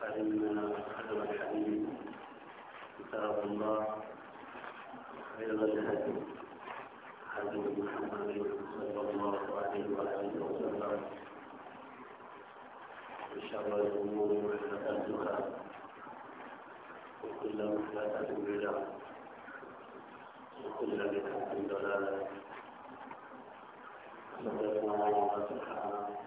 فإن خير الحديث كتاب الله خير الهدي حديث محمد صلى الله عليه وآله وسلم وشر الأمور محدثاتها وكل محدثة بدعة وكل بدعة ضلالة صدقنا الله سبحانه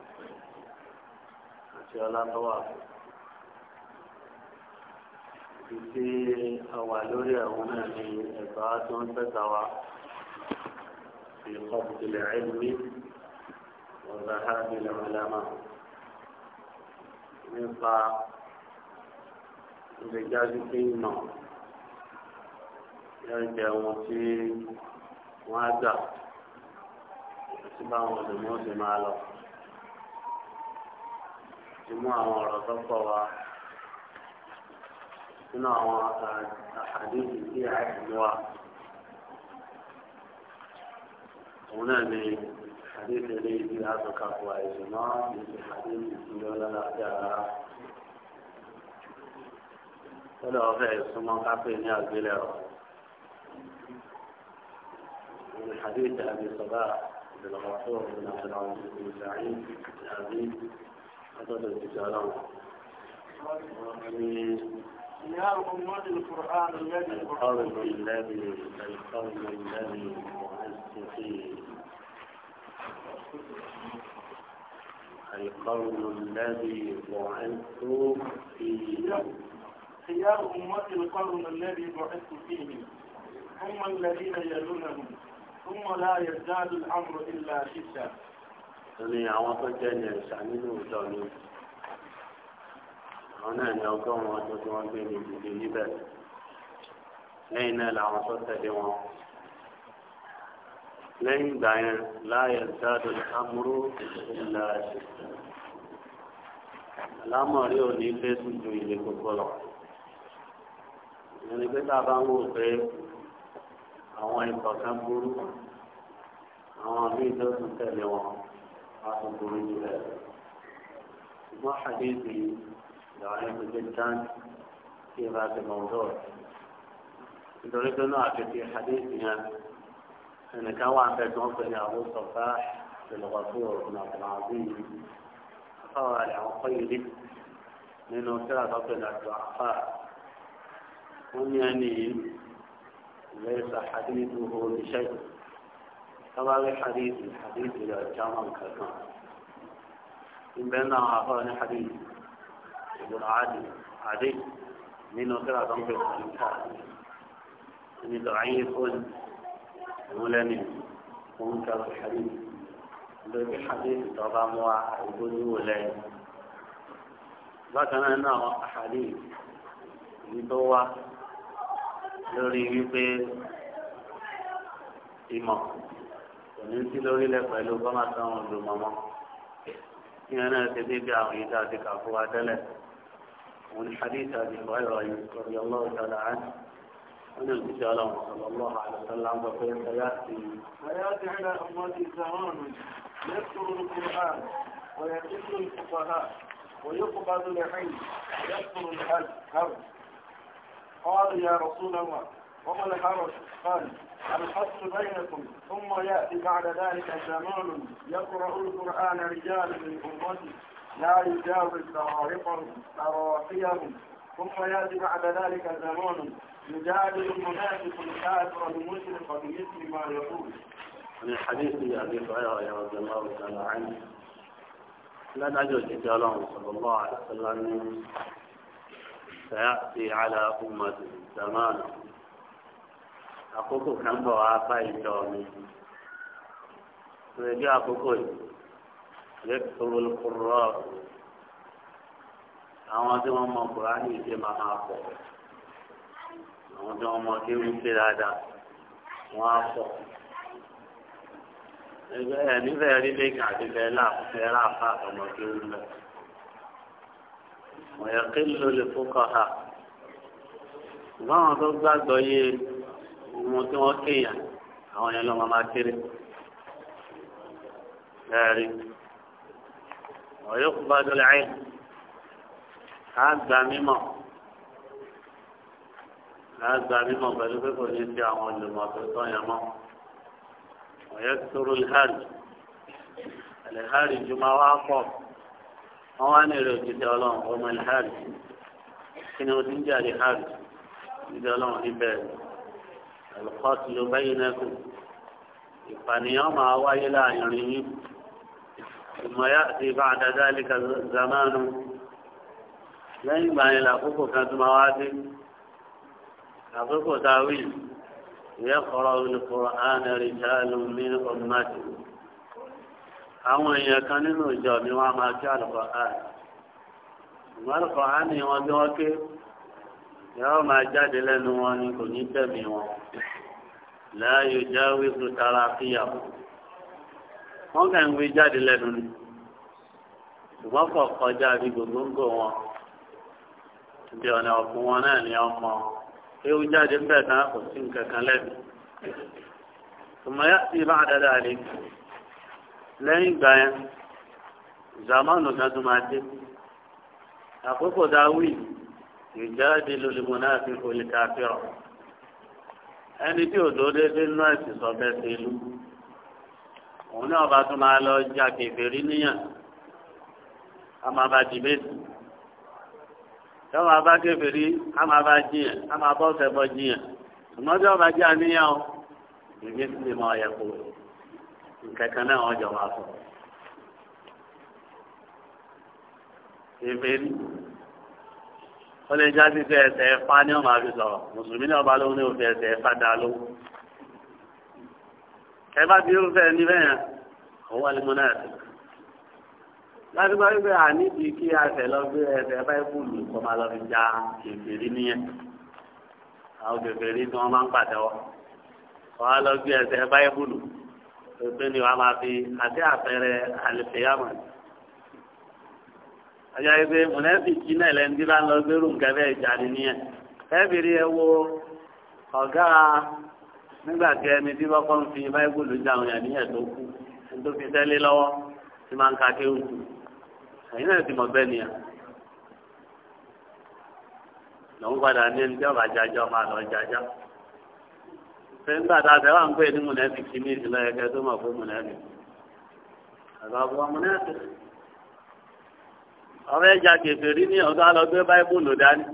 àti ọlátọwà ìdí ọwà lórí ẹ̀wọ̀n náà ni ẹ̀tọ́ tó ń tẹ̀sà wa fi kọ́pùtìlẹ̀ ẹ̀mí ọ̀gá hábìlẹ̀ ọ̀làmà nípa ìgbẹ́jáde pé nà yóò jẹ́ tí wọ́n á gbà àti báwọn ọ̀dọ́ ni ó sì máa lọ. ti mú àwọn ọ̀rọ̀ tó pọ̀ wá nínú àwọn àhàdíìsì tí a ti mú wa. òun náà ni àdéhùn eléyìí tí a tọ́ka fún àìsàn náà ní ti àdéhùn ìdílé ọlọ́lájà rárá. lọ́dọ̀ ọ̀fẹ́ ìsúnmọ́ kápẹ́ ní àgbélẹ̀rọ̀. من حديث أبي صباح بن الغفور بن عبد العزيز بن سعيد أبي látọ̀dọ̀ ìjọ ọlọ́run. القول الذي القول الذي مؤسسين القول الذي بعثت فيه خيار أمتي القرن الذي بعثت فيه هم الذين يلونهم ثم لا يزداد الأمر إلا شدة ní àwọn tó jẹ́ ní ẹ̀ṣà nínú ìjọ mi àwọn náà ní ọgọ́rùn ọdún tí wọ́n gbé ní ìdílé níbẹ̀ lẹ́yìn náà làwọn tó tẹ̀lé wọn lẹ́yìn ìgbà yẹn láàyè dáadọ́ amúrú ìlà ìṣẹ̀lẹ̀ alámọ̀rí ò ní lé tuntun ilé gbogbo lọ ìyẹn pé tá a bá ń wò pé àwọn ìkọ̀ọ̀kan burú àwọn míì tó tún tẹ̀lé wọn. هذا الدوري ما حديثي ضعيف جدا في هذا الموضوع أريد أن أعطي في حديثنا أن كان عند موطن أبو الصفاح الغفور بن عبد العظيم قال العقيلي من ثلاثة الضعفاء هم يعني ليس حديثه بشيء tọ́ba rí hadithi hadithi rẹ̀ jámọ̀ kankan ìgbẹ́ náà àbọ̀ ní hadithi ìgbọ̀nà àdì àdì nínú kíra tó ń pè fún ìta ní dọ̀ọ́yìn fún ìmúlẹ́ni fún kíra hadithi lórí hadithi tọ́ba mú wa àìgbóni wò lẹ́yìn bákan náà náà àwọn hadithi yìí tó wá lórí wípé ìmọ̀. kò ní sí lórílẹ̀ pẹ̀lú bọ́mà táwọn olùmọ̀mọ́ ìyẹn náà ti dé bí àwọn ìdá àti kàfó wa tẹ́lẹ̀ òun ni hadith àti ìwà ìrọ̀yìn sọ̀rọ̀ yọlọ́ ìtàlá àti wọn ní òjijì ọlọ́run sọ̀rọ̀ lọ́wọ́ àlùsọ̀lá ń bọ̀ pé ẹ̀yà ti. ẹ̀yà ti ń ra ọmọ ti sàrán yẹ́sùrù kùrán ويقتل الفقهاء ويقبض العلم ويكفر الحرب قال يا رسول الله وما الحرج قال الحص بينكم ثم يأتي بعد ذلك زمان يقرأ القرآن رجال من أمتي لا يجاوز تراقيهم ثم يأتي بعد ذلك زمان يجادل المنافق الكافر المشرق بمثل ما يقول من حديث أبي هريرة رضي الله تعالى عنه لا نجد رجالهم صلى الله عليه وسلم سيأتي على أمة زمانه àkókò kan bọ̀ wá bá ìjọ mi ìrẹ́jọ́ àkókò yìí yẹ́kùrú kúrọ́ àwọn tí wọ́n mọ kùránì ìṣe máa máa pọ̀ àwọn tí wọ́n mọ kéwù ṣe dáadáa wọ́n á pọ̀ ẹ̀ nífẹ̀ẹ́ rí lẹ́kàn àti fẹ́ẹ́ láàfà àtọmọ kéwù lọ. ويقل للفقهاء بعض الضعيف ohun tí wọ́n kéèyàn àwọn yẹn lọ́mọ máa kéré. Bẹ́ẹ̀ni, ọ̀yọ́ kò bá dọ̀lẹ̀ ayé, á gba mímọ̀, á gba mímọ̀ pẹ̀lú pé kò ní sí àwọn olùmọ̀ tó tọ́ yẹn mọ́. Ọ̀yọ́ sọ̀rọ̀ ìhárì, ìhárì jùmọ̀ wá wá ní èrè òjijì ọlọ́run ọmọ ìhárì, kí ni o ti ń jà ìhárì, ìjọ ọlọ́run níbẹ̀ rẹ̀. القاتل بينكم ìpànìyàn máa wáyé láàrin yín ìmọ̀ yá ti bá àdájá líka zamanu lẹ́yìn ìgbà yẹn làkókò kan tó máa wá dé àkókò táwí ìyẹ́ kọ́rọ́ olùkọ́rọ́ ánẹ́rì jáàlù mí ọ̀nàmàtì àwọn èèyàn kan nínú ìjọ mi wọ́n á máa kí àlùkò án ìmọ̀ àlùkò án ni wọ́n bí wọ́n ké yóò máa jáde lẹ́nu wọn ni kò ní tẹ̀mí wọn láàyò jáwé tó tara fíyàwó wọn kàn ń gbé jáde lẹ́nu ni ṣùgbọ́n kò kọjá bí gbogbo wọn ibi ọ̀nà ọ̀fun wọn náà ni ọmọ ewu jáde ń bẹ̀ tán kò sí nǹkan kan lẹ́nu tùmọ̀ yá sí bá dáadáa lé lẹ́yìn ìgbà yẹn zamanu kan tó máa dé àkókò dáa wíì ìjáde lóṣùgbọ́n náà fi olè káfíọ̀ ẹni tí òdò déédéé nínú ẹ̀sìn sọ bẹ́ẹ̀ ṣe lú òun náà bá tún máa lọ ja kèfèrí níyàn a máa bá dìbẹ́tì tí wọ́n máa bá kèfèrí a máa bá jiyàn a máa bọ́ sẹ́bọ̀ jiyàn ṣùgbọ́n tí wọ́n bá jẹ́ àníyàn o dìbẹ́tì lè máa yẹ kó nǹkan kan náà wọ́n jọ wá sọ. kèfèrí ó lè já sí fẹ́ ẹsẹ̀ ẹ̀fá ní ọmọ àfi sọ̀rọ̀ mùsùlùmí ní ọba lóhun ní òfin ẹsẹ̀ ẹ̀fá dá ló. ẹ bá ti rúfẹ́ ní bẹ́ẹ̀ yẹn òun wà lẹ́mọ náà ẹ̀sìn. láti gbọ́ wípé àníbi kí ẹsẹ̀ lọ gbé ẹsẹ̀ báíbùlù kọ́ máa lọ fi já kèfèrí níyẹn. àwọn kèfèrí ni wọ́n máa ń pàtẹ́wọ́. wọ́n á lọ gbé ẹsẹ̀ báíbùlù pé ni wọ́n máa fi àti àpẹẹrẹ àlùfẹ́yàmọ̀ ọjà ebe pé mùnẹ́fìkì náà lẹ́nu bá ń lọ gbérù nǹkan bẹ́ẹ̀ jáde nìyẹn ẹ wo ọ̀gá tí ẹni tí wọ́n kọ́ ń fi tó kú tó fi sẹ́lẹ̀ lọ́wọ́ tí máa ń ka kéwù ẹ̀yin náà ti mọ̀ bẹ́ẹ̀ lòun padà ní ẹni tí ọba máa lọ nígbà tá a fẹ́ wà ń pè ní ní tó mọ̀ fún ọ̀rọ̀ ẹja kẹfẹ́rí ní ọ̀dọ́ alọ́gbé báíbùlù dání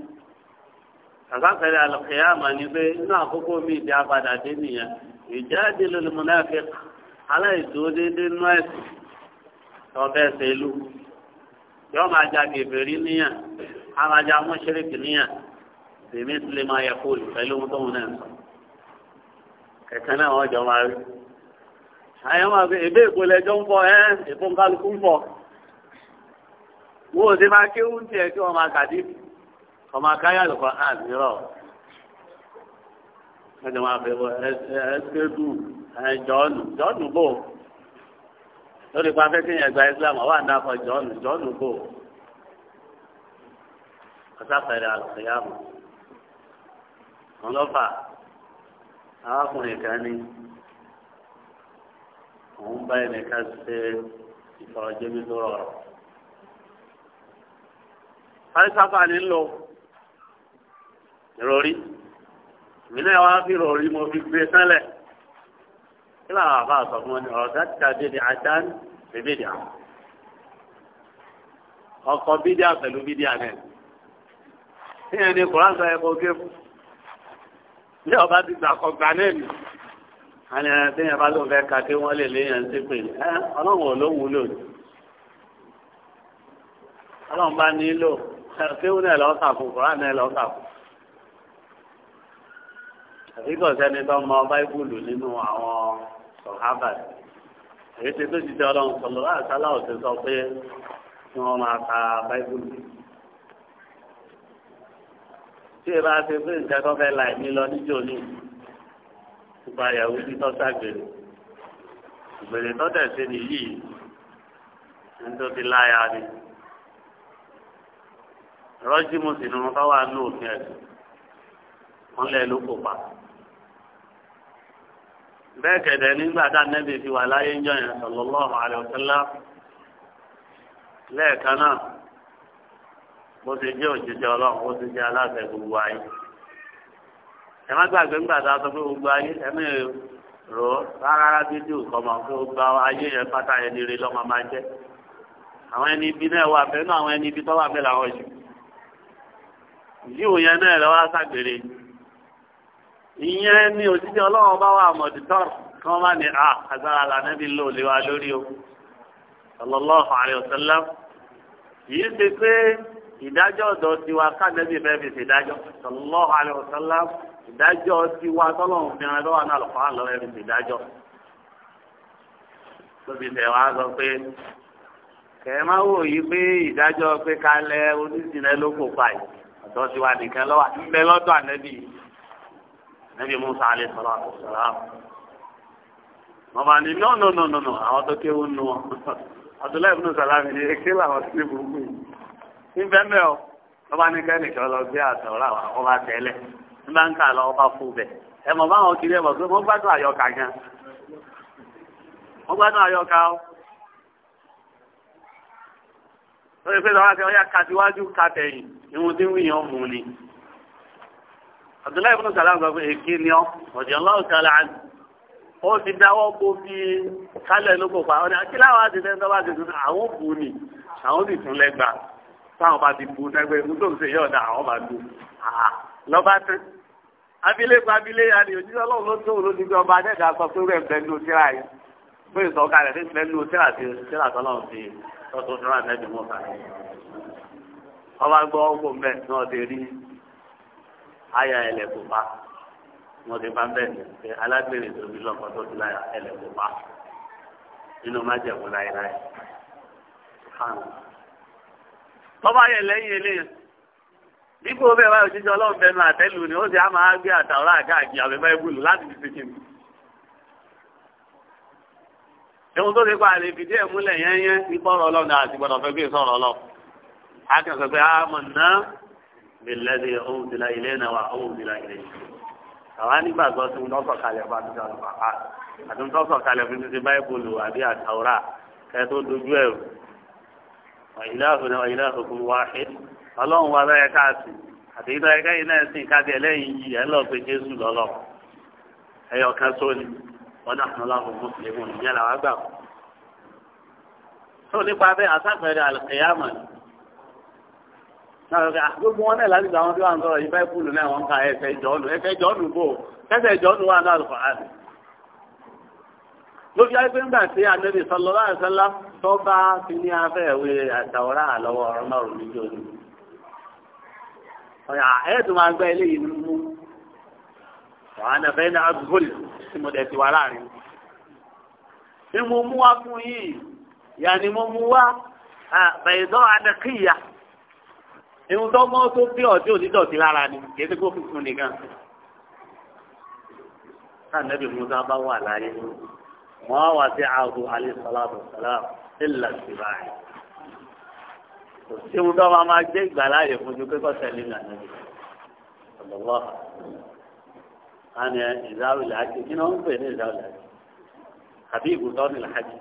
ni pé inú àkókò mi ìdí apàdà dé nìyẹn ìjáde lónìí mo náà fi aláìdúró déédéé nú ẹ̀sìn ọ̀bẹ ẹ̀sẹ̀ ìlú yọ máa ja kẹfẹ́rí níyàn á máa ja mọ́ṣẹ́rẹ́kì níyàn tèmi ti lè máa yẹ fóòlù pẹ̀lú ohun tóun náà sọ kẹ̀kẹ́ náà ebe wọ́n ò sí máa kéwú tiẹ̀ kí wọ́n máa kàdí ọmọ akáyà lùkọ́ àdìrọ̀ ẹ̀jẹ̀ máa bẹ̀ wọ ẹ̀ẹ́dẹ́gbù jọ́ọ̀nù jọ́ọ̀nù bò lórí pa afẹ́ kéèyàn Islam ọwọ́ àdàkọ̀ jọ́ọ̀nù jọ́ọ̀nù bò ọ̀sáfẹ́rẹ́ àlùkìyàmù ọlọ́fà arákùnrin kan ní òun bá ẹnìkan ṣe tó rọrùn. fárísáfà ní lọ ìrọ̀rí ìmínà wa fi rọ̀rí mo fi gbé sẹ́lẹ̀ kí làwọn àbá sọ fún wọn ní ọ̀rọ̀ dáta bèbè àdán bèbè dà ọkọ̀ bídíà pẹ̀lú bídíà náà ìyẹn ni kò ráńsọ ẹ̀kọ́ gé fún ní ọba ti gbà kọ gbà náà nì àni ẹni tí yẹn bá ló fẹ́ ka kí wọ́n lè léyìn ẹni pè ní ọlọ́run ò ló wúlò ní ọlọ́run bá nílò kéwù náà lọ́ọ́ sàkùn kùrán náà lọ́ọ́ sàkùn. àbíkọ̀ sẹ́ni tó mọ báíbùlù nínú àwọn sọ̀hábà èyí ti tó ti tẹ ọlọ́run sọ̀lọ́ àṣálà ò sọ pé kí wọ́n máa ka báíbùlù. tí ẹ bá ti pé nǹkan tó fẹ́ la ẹ̀mí lọ níjó ní ìgbà yahoo bí tó ságbèrè ìgbèrè tó tẹ̀sí nìyí ní tó ti láyà ni rọ́jí mo sì ní wọn bá wà ní òfin ẹ̀sìn wọn lẹ ló kó pa. bẹ́ẹ̀ kẹ̀dẹ̀ nígbà tá nẹ́bí fi wà láyé ń jọyàn sallallahu alaihi wasallam lẹ́ẹ̀kan náà bó ti jẹ́ òjijì ọlọ́run bó ti jẹ́ aláṣẹ gbogbo ayé. ẹ má gbàgbé ńgbà tá a sọ pé gbogbo ayé ẹ̀mí rò ó rárá dídí òkọ̀mọ̀ pé gbogbo ayé yẹn pátá ẹni rí lọ́mọ máa jẹ́ àwọn ẹni ibi náà wà bẹ́ẹ̀ náà àwọn ẹni ibi tó wà bẹ́ẹ̀ làwọn yìí yíò yẹn náà lọ́wọ́ ságbèrè ìyẹn ni òṣìṣẹ́ ọlọ́run bá wà mọ̀dítọ́rù kí wọ́n má ní à àgbára lànàbí lò lé wa lórí o sallallahu alaihi wasallam yìí ṣe pé ìdájọ́ ọ̀dọ̀ tiwa kánẹ́bí fẹ́ fi ṣèdájọ́ sallallahu alaihi wasallam ìdájọ́ tiwa tọ́lọ́run fi hàn lọ́wọ́ náà lọ́kọ́ àlọ́ ẹ̀ fi ṣèdájọ́ tóbi tẹ̀ wá sọ pé kẹ̀ẹ́ má wò yí pé ìdájọ́ pé kalẹ̀ oníṣìnà ló kópa yìí. àtọ́sí wa nìkan lọ́wọ́ ńbẹ lọ́dọ̀ ànẹ́bí ànẹ́bí musa alẹ́ sọ̀rọ̀ àtọ̀sọ̀rọ̀ àwọn. màmá ni nọ́ nọ́ nọ́ nọ́ àwọn tó kéwù nù wọn àtúlẹ̀ ìbùnú sàlámì ni èké làwọn yìí. lọ àtọ̀rọ̀ àwọn ń kà fún ẹ mọ̀ kiri ẹ mọ̀ pé wọ́n gbádùn àyọkà gan wọ́n gbádùn ó lè pé lọ́wọ́ àti ọyá kàtíwájú kàtẹ̀yìn ìwọ̀n tí ń wí yàn mú ni. Abdullahi ibn Salam sọ pé èké ni ọ́ ọ̀jọ̀ ńlọ́ọ̀ sọ̀rọ̀ àná ó ti dáwọ́ bó fi kálẹ̀ ló kò pa ọ́ ní akí láwọn àti tẹ́ tọ́ bá ti tún àwọn bù ni àwọn sì tún lẹ́gbàá táwọn bá ti bu sẹ́gbẹ́ mú tó ń ṣe yọ̀ọ̀dà àwọn bá bu lọ́ba tán abilékọ abiléya ni òjijì ọlọ́run ló tó olódi ti òtíra tọ́lọ́run tọ́tún fún àtẹ́jú mọ́fà ọba gbọ́ ọgbọ̀n bẹ́ẹ̀ náà ti rí àyà ẹlẹ́kùn pa wọ́n ti bá bẹ́ẹ̀ ní pé alágbèrè tóbi lọ́kọ̀ tó ti láyà ẹlẹ́kùn pa nínú májẹ̀mú láéláé tọ́ba yẹ lẹ́yìn eléyìí dípò bẹ́ẹ̀ báyọ̀ jíjọ́ ọlọ́run bẹnu àtẹ́lù ni ó sì á máa gbé àtàwọn àkáàkiri àbẹ̀bẹ̀ ìbùlù láti fi ṣe kìnnìkan ẹ̀wọ̀n tó ti pa àlè fìdí ẹ̀ múlẹ̀ yẹ́nyẹ́ ipò ọ̀rọ̀ ọlọ́run náà àti gbọ́dọ̀ fẹ́ gbé sọ̀rọ̀ ọlọ́run. akẹ́kọ̀ọ́ pé àmọ̀ náà bẹ̀lẹ́dẹ̀ ohun ìdílà ilé náà wà ohun ìdílà ilé àwa nígbàgbọ́ sí ń tọ́sọ̀ kalẹ̀ bá ti sọ̀rọ̀ pàpà àti ń tọ́sọ̀ kalẹ̀ fún ti ti báyìbùlù àbí àtàwòrà kẹ́ tó dojú ẹ̀ lọ́ọ́ pé jésù lọ́lọ́ wọ́n dàpọ̀ láwọn mùsùlùmí ìyẹn làwọn àgbà kù. tó nípa bẹ́ẹ̀ àsàpẹ̀rẹ̀ àlùkìyàmọ̀ ni. náà gbogbo wọn náà lálẹ́ àwọn tí wọ́n ń sọ̀rọ̀ yìí báyìí náà wọ́n ka ẹ̀fẹ̀ jọ́ọ̀nù ẹ̀fẹ̀ jọ́ọ̀nù bò ẹ̀fẹ̀ jọ́ọ̀nù wà náà lùkọ̀ àdì. ló fi ayé pé ńgbà tí ànábì sallallahu alaihi tó bá ti ní afẹ́ ìwé àtàwọ́rá àlọ́wọ́ ọ̀rọ̀ náà rò níjó ni. ẹ̀ẹ́dùn máa gbẹ́ eléyìí nínú. wàá fẹ́ ní tí mo dẹ̀ ti wà láàrin wọn. ni mo mú wá fún yìí ìyá ni mo mú wá bẹ̀yìndọ́ adẹ́kìyà irun tó mọ́ tó bí ọ̀dí onídọ̀tí lára ni kì í ṣe kó fífún nìkan. ká nẹ́bí musa bá wà láyé wọ́n wá sí ààbò alẹ́ sọ́láàbò sọ́láàbò ńlá sí báyìí. kò tó máa máa gbé ìgbà láàyè fojú pé kọ́ tẹ̀lé nàá àni ìzáwì làákì kí ni wọ́n ń pè ní ìzáwì làákì àbí ìbùsọ́ ní làákì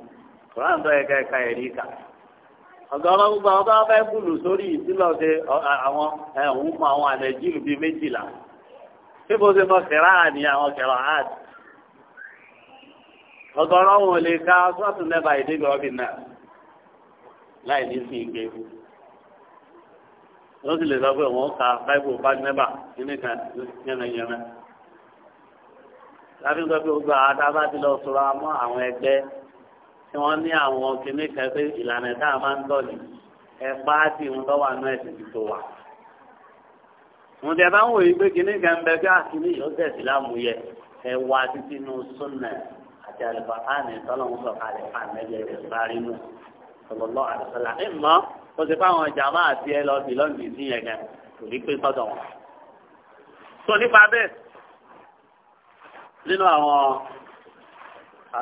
kùrán tó yẹ ká ẹ̀ka ẹ̀rí kà ọ̀gá ọlọ́gbọ́n ọba fẹ́ gbùlù sórí ìsílọ̀ ṣe àwọn ẹ̀hún mọ àwọn àlẹ́jìlù bíi méjìlá síbo ṣe mọ kẹrà ní àwọn kẹrà áàdì ọ̀gá ọlọ́wọ́n lè ka sọ́ọ̀tún mẹ́fà ìdígbà ọ̀bì náà láì ní sí ìgbé wọ́n sì lè sọ pé wọ́n ka báíbù bá mẹ́fà nínú kan yẹnayẹna tàbí sọ pé gbogbo àwọn tá a bá ti lọ sọ̀rọ̀ àmọ́ àwọn ẹgbẹ́ tí wọ́n ní àwọn kìnnì kan pé ìlànà tá a máa ń tọ̀ ní ẹ̀pá àti ìhun tó wà náà ẹ̀sìn ti tó wà. mo tẹ bá ń wòye pé kìnnì kan bẹ bí àkìnnì yóò tẹ̀sí lámúyẹ ẹ wá títí inú súnà àti àlùfáàní tọ́lọ́mù sọ̀kalẹ̀ fàmẹ́lẹ̀ ìbárí nù ọlọ́lọ́ àdùsọ́là ẹ̀ mọ́ ó ti fáwọn jàmáà àti ẹ lọ sí lọ́ǹdì sí yẹn gan kò ní pé sọ́dọ̀ wọn. sọ nípa bẹ́ẹ̀ nínú àwọn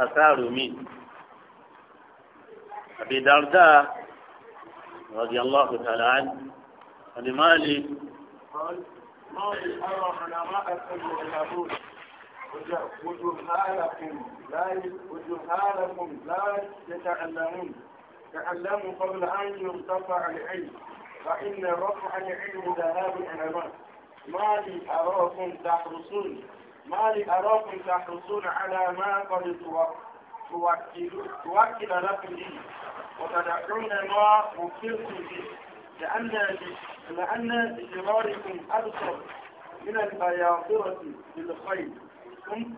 àṣàrò mi àbí dàrúdà rọ̀dí aláàbò tààlà án ọ̀dì máa lè. وجهالكم لا وجهالكم لا يتعلمون تعلموا قبل أن العلم فإن رفع العلم ما لي أراكم تحرصون ما لأراكم تحرصون على ما قد توكل لكم به وتدعون ما مكرتم به لأن لأن بجواركم أبصر من البياضرة بالخير هم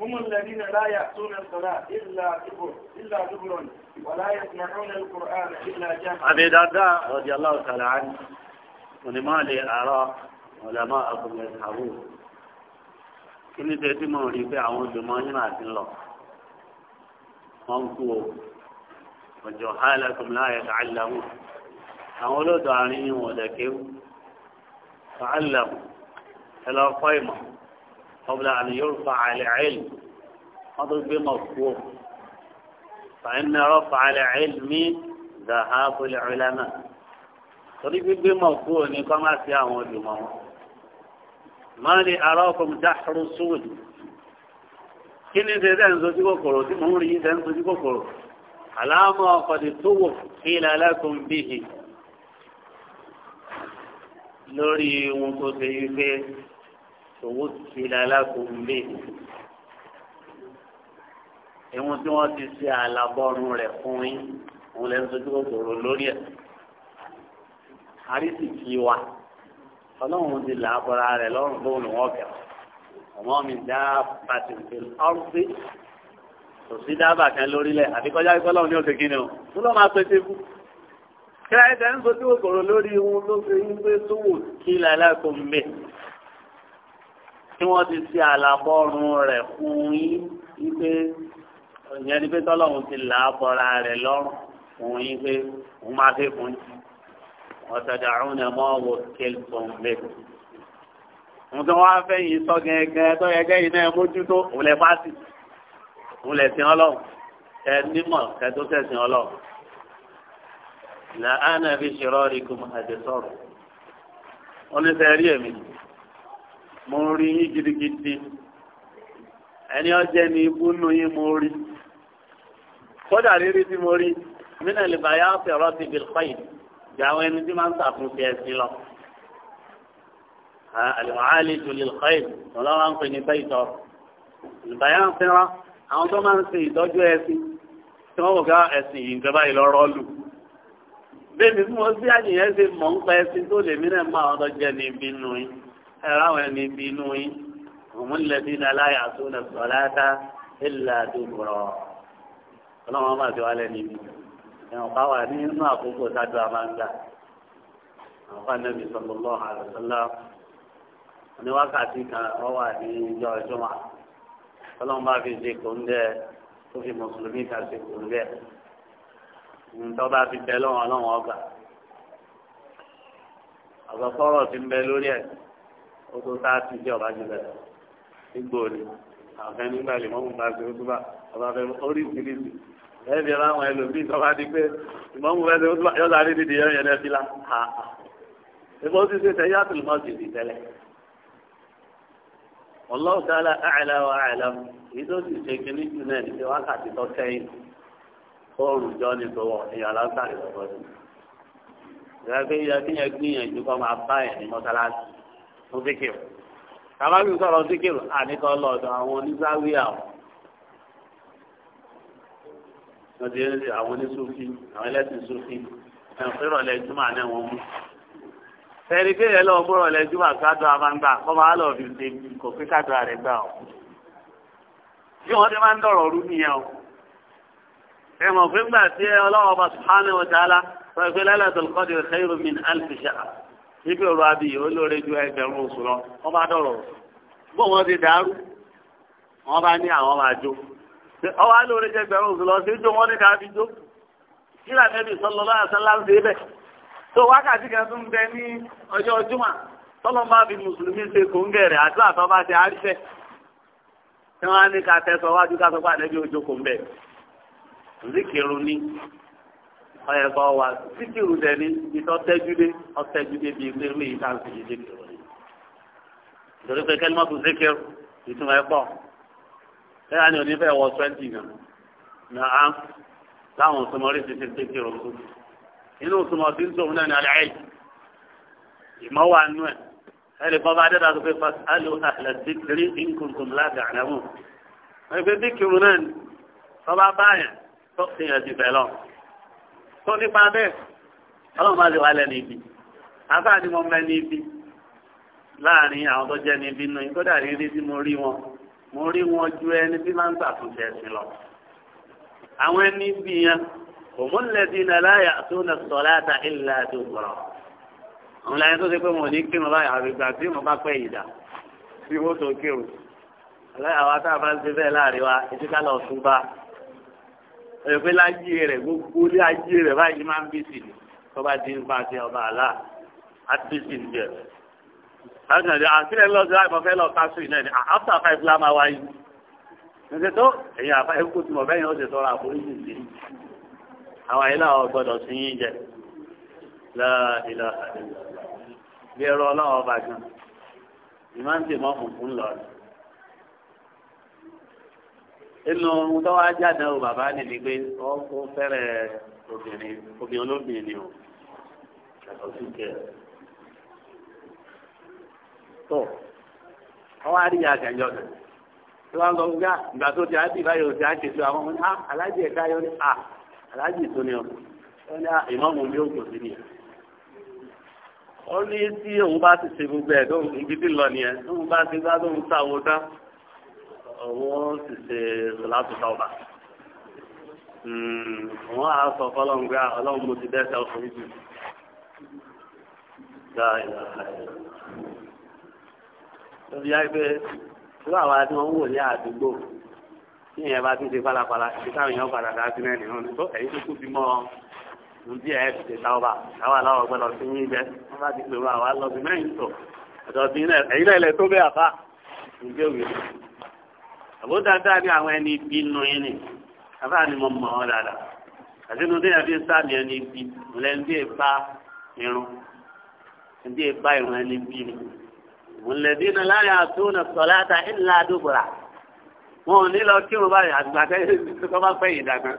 هم الذين لا يأتون الصلاة إلا دبر إلا دبرا ولا يسمعون القرآن إلا جهرا. أبي درداء رضي الله تعالى عنه ولما لي أراك ولما أكن يذهبون kí ní tẹ́tí mọ̀ rí pé àwọn olùmọ̀ yín máa ti lọ wọ́n kú o ọjọ́ hálàkùn láyé tààlàmù àwọn olóòtú àárín yìí wọ̀n dẹ̀kéwù tààlàmù ẹ lọ kọ́ ìmọ̀ ọ̀bùdà àni yóò fa àlẹ́ àìlù wọ́n tó gbé mọ̀ kú o fàyín náà rọ́ fa àlẹ́ àìlù mí dàhábùlẹ̀ ọ̀lànà torí gbígbé mọ̀ kú o ní kọ́ máa àwọn olùmọ̀ wọn máa ní ara ọkọ̀ mi dáhùrú sóòdù kí ni ṣe dẹ́n sojú kòkòrò tí mò ń rí yín dẹ́n sojú kòkòrò àlámọ̀ ọ̀kọ̀dì tó wò kí ilẹ̀ alákùn bíhì lórí ohun tó ṣe yí pé owó kí ilẹ̀ alákùn bíhì ìwọ̀n tí wọ́n ti ṣe àlàbọ̀rùn rẹ̀ fún yín òun lẹ́nu sojú wa ọlọ́run ti là á bọ̀ra rẹ̀ lọ́rùn bóun wọ́n kẹ́ ọmọ mi dá pàtì ọ̀rùsí kò sí dábà kan lórílẹ̀ àti kọjá ikọ́ lọ́run ní oṣù kìíní o tó lọ́ máa pété kú. kí láyé tẹ̀ ń sojú òkòrò lórí ohun ló fi ń gbé sówò kí láìláì kò ń bẹ̀. tí wọ́n ti ṣe àlàbọ̀rùn rẹ̀ fún yín wípé ìyẹn ni pé tọ́lọ́run ti là á rẹ̀ lọ́rùn fún yín pé òun máa fẹ́ fún yín ọ̀tọ̀dàrún ẹ̀mọ́ wò kílùkùn lè. Mo tún wá fẹ́ yìí sọ gẹ́gẹ́ tó yẹ kẹ́yìn náà mójútó òun lẹ fásitì. Òun lẹ sin ọlọ́run. Ẹ nímọ̀ kẹ tó sẹ̀sìn ọlọ́run. Làánà fi ṣèrọ́ rí kùmù àdìsọ́rọ̀. Wọ́n ní sẹ́ rí èmi. Mo rí yín gidigidi. Ẹni ọjẹ́ ni ibú yín mo rí. Kódà rírí tí mo rí. Mínà lè bàyá ọ̀sẹ̀ rọ́ọ̀tì bìlkọ́yìn ju àwọn ẹni tí máa ń ṣàtúnṣe ẹsìn lọ. àlùmọ́álì jùlọ ìlkọ́yìn ọlọ́wọ́ ń pè ní bẹ́ẹ̀ ìtọ́ ìbáyà ń fẹ́ràn àwọn tó máa ń ṣe ìtọ́jú ẹsìn tí wọ́n wò ká ah, ẹsìn yìí nǹkan báyìí lọ́rọ́ lù. bẹ́ẹ̀ni fún wọn sí àyẹ̀yẹ́ ṣe mọ̀ ń pa ẹsìn tó lè mìíràn máa wọn tó jẹ́ ní ibi inú yín ẹ̀rọ àwọn ẹni ibi inú yín òun lẹ́bí ní aláyàtúnẹ̀ sọ̀láta ìlà àdúgbò rọ̀ ọlọ́wọ́n máa ti wá lẹ́nu ibi ìwọ̀nba wà ní inú àkókò tájú a máa ń gbà àwọn anábì sallallahu alaihi wasallam ní wákàtí kan wọ́n wà ní ìjọ ìjọba ọlọ́run bá fi ṣe kò ń dẹ́ tó fi mùsùlùmí kan ṣe kò ń dẹ́ ntọ́ bá fi bẹ́ lọ́wọ́ ọlọ́run ọgbà àgbàkọ́rọ̀ ti ń bẹ lórí ẹ̀ ó tó tá a ti jẹ́ ọ̀bá jù bẹ̀rẹ̀ nígbò ni àfẹ́ nígbà lè mọ́mú bá ṣe ó túbà ọba fẹ́ orí ìdílé ẹbí ra àwọn ẹlòmíì tó bá di pé ìmọ̀mú fẹ́ yọ̀dà rí nídìí yẹn yẹn fi la ha ìbọn ti ṣe tẹ̀yà tó lọ́ọ́ ti di tẹ́lẹ̀ Allahu ta'ala a'la wa a'lam èyí tó sì ṣe kiri jù náà ní wákàtí tó kẹ́yìn fóònù jọ ní tòwọ́ èèyàn lásàrè lọ́wọ́ sí ìrẹ́pẹ́ yẹ kí yẹn gbìyànjú kọ́ máa bá yẹn ní mọ́sálásí fún síkìrù tàbá sọ̀rọ̀ síkìrù àníkọ́ lọ́dọ̀ àwọn oníṣàwíyà wọn. wọ́n ti ń àwọn oníṣòfin àwọn ẹlẹ́sìn ṣòfin ẹ̀hún pé rọ̀lẹ́ jùmọ̀ náà wọ́n mú. fẹ́ẹ́rì pé ìyẹn lọ́wọ́ gbọ́rọ̀ lẹ́ jùmọ̀ àgbàdo àmàǹgbà kọ́ máa lọ fi ṣe kò pé kàdó rẹ̀ gbà ọ́. bí wọ́n ti máa ń dọ̀rọ̀ rú nìyẹn o. ẹ mọ̀ pé gbà tí ọlọ́wọ́ bá subhanahu wa ta'ala sọ pé lailatul qadr khairun min alfi shahr níbi ọ̀rọ̀ abì yìí ó lóore ju ẹgbẹ̀rún oṣù lọ wọ́n bá dọ̀rọ̀ bó wọ́n ti dàrú wọ́n bá ní àwọn máa jó ọwọ́ alóore jẹ gbẹ̀rún òsùn lọ sí jó wọn ní káàbí jó síra nẹ́bí sọlọ lọ́yà sọlá ń débẹ̀ tó wákàtí kan tún bẹ ní ọjọ́ júmọ̀ tọ́lọ́ máa fi mùsùlùmí ṣe kò ń gẹ̀rẹ̀ àti àtọ́ bá ti àríṣẹ́ tí wọ́n á ní ká tẹ́ sọ wájú ká sọ pé ànẹ́bí ojú kò ń bẹ̀ zikiru ni ọyẹ kọ wa zikiru dẹ ni ìtọ́ tẹ́jú dé bíi pé mí ìta ń sì zikiru ni torí pé kẹ́lí mọ́tò zikiru ìtumọ̀ ẹ̀ pọ̀ ẹ̀yà ni òní fẹ́ wọ twenty gan na am láwọn òsùnmọ́ orí ti ti ti ti rò sókè inú òsùnmọ́ ti ń tòun náà ní alẹ́ àyè ìmọ̀ wà nú ẹ̀ ẹ̀rì bọ́ba adé dàgbé pé fas alu ahlẹ̀ dìkìrì ìnkùnkùn láti àdámù ẹgbẹ́ dìkìrì náà ni bọ́ba báyà tó ti yàn ti fẹ́ lọ tó nípa bẹ́ẹ̀ ọlọ́run máa lè wà lẹ́nu ibi àbá ni mo mẹ́ ní láàrin àwọn tó jẹ́ ní náà mo rí wọn ju ẹni bí máa ń ṣàtúnṣe ẹ̀sìn lọ. àwọn ẹni bí yẹn òun lẹ́dí náà láyà tó na sọ̀rọ̀ àtà ìlà tó gbọ̀rọ̀. àwọn ìlànà tó ṣe pé mo ní kí mo báyà àgbègbè àti mo bá pẹ́ ìdá bí mo tó kírun. aláyà wa tá a bá ń ṣe bẹ́ẹ̀ láàrin wa etí ká lọ sùn bá. ẹ pé láyé rẹ̀ gbogbo lé ayé rẹ̀ báyìí máa ń bí sí i tó bá dín bá ti ọba àlá á bí sí i bẹ̀rẹ̀ àgbàdo àkílẹ̀ lọ́sọ̀ àìmọ̀fẹ́ lọ kásù iná ni after five la máa wáyé nígbà tó ẹ̀yìn àfa ẹ̀kú tí mo bẹ́yìn ó ṣe tọrọ àforíjì sí àwọn ilé àwọn sí yín jẹ láìlà bí tó ọwọ́ àríyá àgànjọ́ náà tí wọ́n lọ gbá ìgbà tó ti àti ìbáyọ̀ òsì àti ètò àwọn ọmọ ní à ah, aláàjì ẹ̀ka yọ ní à ah, aláàjì tó ní ọmọ ó ní ah, ìmọ̀mù mi ò gbò sí ni ó ní tí òun bá ti ṣe gbogbo ẹ̀ tó ń gidi lọ nìyẹn tó ń bá ti gbá tó ń sáwó tán òun sì ṣe látúntà ọba wọ́n á sọ fọlọ́n gbé ọlọ́run mo ti dẹ́sẹ̀ ọkùnrin jù lórí yáa pé irú àwọn adé wọn wò ní àdúgbò tí ìyẹn bá tún ṣe pálapàla ṣe táwọn èèyàn padà dá sí mẹ́rin wọn tó ẹ̀yìn tó kú ti mọ́ ọ níbi ẹ̀ ṣe táwọ́bà táwọn aláwọ̀ gbọ́dọ̀ sí yín jẹ́ wọ́n bá ti pèrò àwọn alọ́ sí mẹ́rin tó ọ̀dọ̀ sí ẹ̀yìn náà ilẹ̀ tó bẹ́ẹ̀ àfà níbi òwe àbó dáadáa ní àwọn ẹni ibi nù ni mo mọ̀ ọ́ dáadáa àti inú déyà fi ń sáàmì ẹni ibi lẹ́ndé bá irun ẹ̀ndé bá irun ẹni ibi ni mọ̀lẹ́dínà láyà àtúnà sọ̀láta ìlà àdúgbòrà wọn ò ní lọ kí wọn bá yà àgbàkẹ́ tó bá pẹ́ yìí dàgbà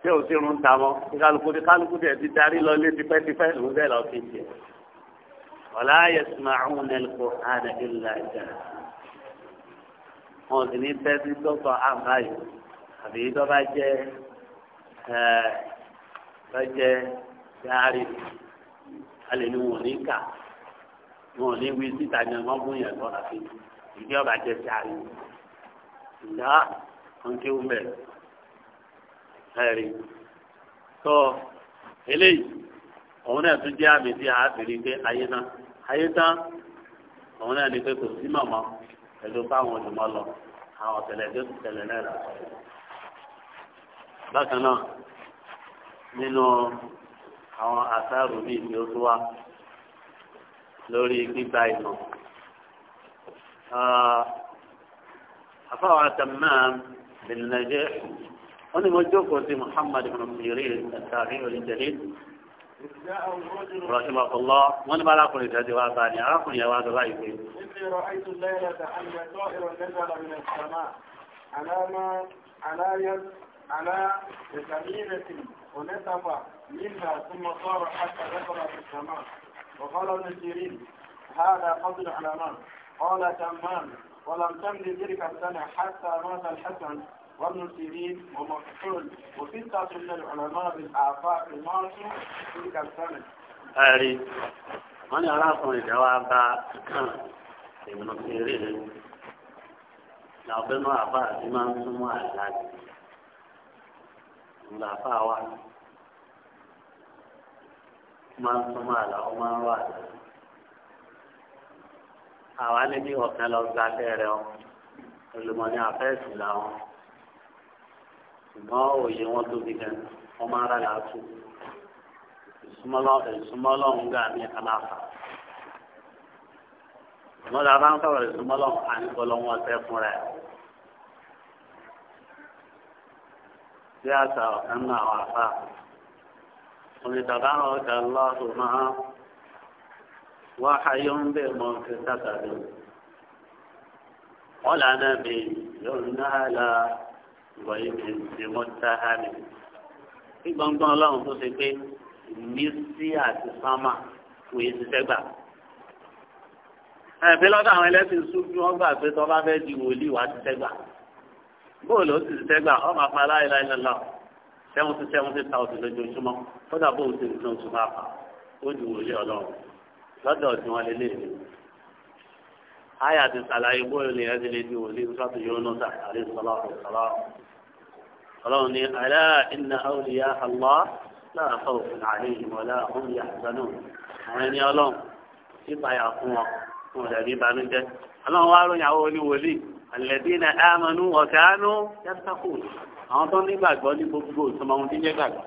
tí ò sí irun ta mọ́ kálukú tí kálukú tẹ̀ ti darí lọ lé tipẹ́tipẹ́ ló bẹ́ẹ̀ lọ fi jẹ. ọ̀la yasma'una al-Qur'ana ìlà ìjà wọn ò sì ní tẹ́tí tó sọ àbáyé àbí tó bá jẹ́ ẹ̀ tó jẹ́ dárí alẹ́ ni wọn ò ní kà wọn ò ní wí síta ní ọmọ fún yẹn lọ́la fi ìdí ọba jẹ sí ariwo ìdá ọ̀nkẹ́ wúmẹ̀ ẹ̀rí tó eléyìí òun náà tún jẹ́ àmì tí a fi rí pé ayé tán ayé tán òun náà ní pé kò sí màmá pẹ̀lú báwọn olùmọ̀ lọ àwọn ọ̀tẹ̀lẹ̀ tó ti tẹ̀lẹ̀ náà lọ. bákan náà nínú àwọn àṣà rúbí ni ó tó wá lórí gbígba ìmọ̀. àfáwọn Tammam bin Najih wọ́n ní mo jókòó sí Muhammad ibn Sirin àtàrí olùjẹ́lẹ́ رحمه الله من بلا كل ذي واباني أكون يا واد الله يبين إني رأيت الليلة أن طائر نزل من السماء على ما على يد على سمينة ونتف منها ثم صار حتى دخل في السماء وقال ابن سيرين هذا فضل على قال تمام ولم تمل تلك السنة حتى مات الحسن وابن سيرين ومكحول وستة من العلماء بالآفاق ماتوا تلك السنة. أري أنا أراكم الجواب ابن سيرين لابن أفاق إمام سموه الحاج. لأفاق máa ń súnmọ́ àlà ó máa ń rọ àlà. àwa níbi ọ̀kan lọ gba abẹ́rẹ́ ọ olùmọ̀ni àfẹ́sì làwọn ṣùgbọ́n òye wọn tóbi gan wọ́n máa ń rà láàtú ìsúnmọ́ lọ́hùn gbà ní aláfà wọn lọ bá ń sọ̀rọ̀ ìsúnmọlọ àníkọlọ wọn ọ̀sẹ̀ fúnra ẹ bí àṣà ọ̀kan náà àwọn àfa ولتبارك الله معه وحي بمنكسته ولا نبي يرنى لا غيب بمتهم في gbọ̀ngàn ọlọ́run tó ṣe pé mísí àti sámà kò yé ti sẹ́gbà. ẹ̀fẹ́ lọ́dọ̀ àwọn ẹlẹ́sìn súnfún wọn gbà pé tọ́ bá fẹ́ di wòlíì wá ti sẹ́gbà. bóòlù ó sì ti sẹ́gbà ọmọ apá aláìláìlá lọ́wọ́ seventy seventy thousand lójoojúmọ́ kódà bóun ti nǹkan oṣù máa fà ó ju wòlé ọlọ́run lọ́dọ̀ tí wọ́n lé léèrè. àyà ti sàlàyé bóyá lè ẹ́ ti lè di wòlé sọ́tù yónúta àlẹ́ sọláàtù sọláàtù. ọlọ́run ní alā inna awliyā'a Allāh lā khawfun 'alayhim wa lā hum yaḥzanūn. àwọn ẹni ọlọ́run ti payà fún wọn fún ọ̀dàbí ìbànújẹ́. ọlọ́run wá ròyìn àwọn oníwòlíì alladhīna àwọn tó nígbàgbọ́ ní gbogbo ìtumọ̀ ohun tí ń jẹ́ gbàgbọ́.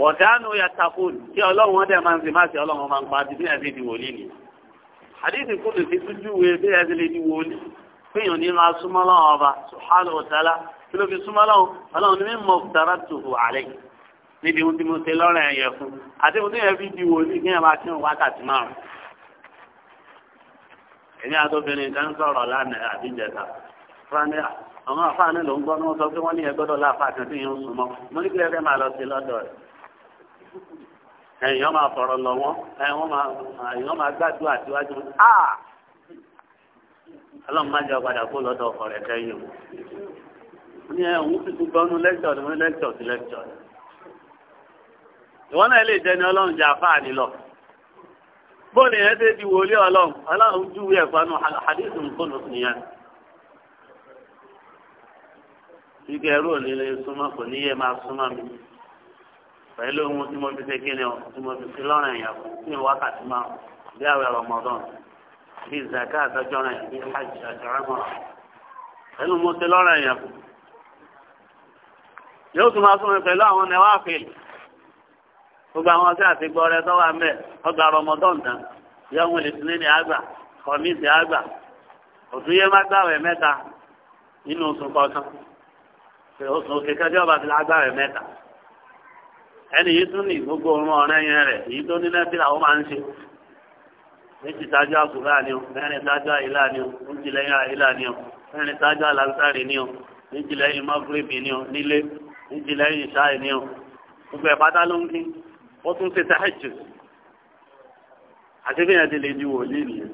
wọ̀dánù yàtàkù tí ọlọ́run wọn dẹ̀ máa ń ṣe má ṣe ọlọ́run máa ń pa bíbí ẹ̀sìn di wòlíì ni. àdéhùn ìkúlù ti tújú wé bí ẹ̀sìn lè di wòlíì fíyàn ní máa súnmọ́ lọ́wọ́ ọba subhanahu wa ta'ala kí ló fi súnmọ́ lọ́wọ́ ọlọ́run ní mí mọ̀ tààrà tòhù àlẹ́ níbi ohun tí mo ṣe lọ́rọ̀ ẹ̀yẹ fani àwọn afáàní ló ń gbọ́ ní wọ́n sọ pé wọ́n ní ẹgbọ́dọ̀ láàfáà kan tí yẹn ń súnmọ́ mo ní kílẹ̀ fẹ́ máa lọ sí lọ́dọ̀ rẹ̀ ẹ̀yìn ọmọ àfọ̀rọ̀ lọ wọ́n ẹ̀yìn ọmọ agbádùn àtiwájú a ọlọ́run má jẹ́ padà kó lọ́dọ̀ ọkọ̀ rẹ̀ kẹ́yìn o ní ẹ̀hún ti tún gbọ́nú lẹ́kítọ̀ ní wọ́n lẹ́kítọ̀ sí lẹ́kítọ̀ ìwọ náà lè jẹ́ ní ọlọ́run jẹ́ àfáàní lọ bóòlù yẹn dé di wòlíì ọlọ́run ọlọ́run júwe ẹ̀fọ́ nù hadith nǹkan nìyẹn wípé ẹrú ò lè lè súnmọ́ kò níyẹ máa súnmọ́ mi pẹ̀lú ohun tí mo fi ṣe kí ni ọ tí mo fi fi lọ́rùn ẹ̀yà fún kí ni wákàtí máa bí àwẹ̀ Ramadan bí zaka àtọ́jọ́ rẹ̀ bí hajj àjọrọ̀mọ́ pẹ̀lú mo ṣe lọ́rùn ẹ̀yà fún. yóò tún máa súnmọ́ pẹ̀lú àwọn ẹwà àfẹ́lẹ̀ gbogbo àwọn ọ̀sẹ̀ àti gbọ́rẹ́ tó wà mẹ́ ọgbà Ramadan tán yọ̀ọ́mù lè tún ní àgbà kọ̀mí oṣù òkè kẹjọ bá ti lágbára mẹ́ta ẹni yìí tún ní gbogbo orun ọ̀rẹ́ yẹn rẹ̀ èyí tó ní nẹ́bí làwọn máa ń ṣe méjì tájú àkùrá ni o mẹ́rin tájú àìlá ni o méjì lẹ́yìn àìlá ni o mẹ́rin tájú àlàntàrí ni o méjì lẹ́yìn mọ́gírèbì ni o nílé méjì lẹ́yìn ìṣáì ni o gbogbo ẹ̀pátá ló ń kí ó tún ṣe táàjù àti bí yẹn ti lè di wòlíì nìyẹn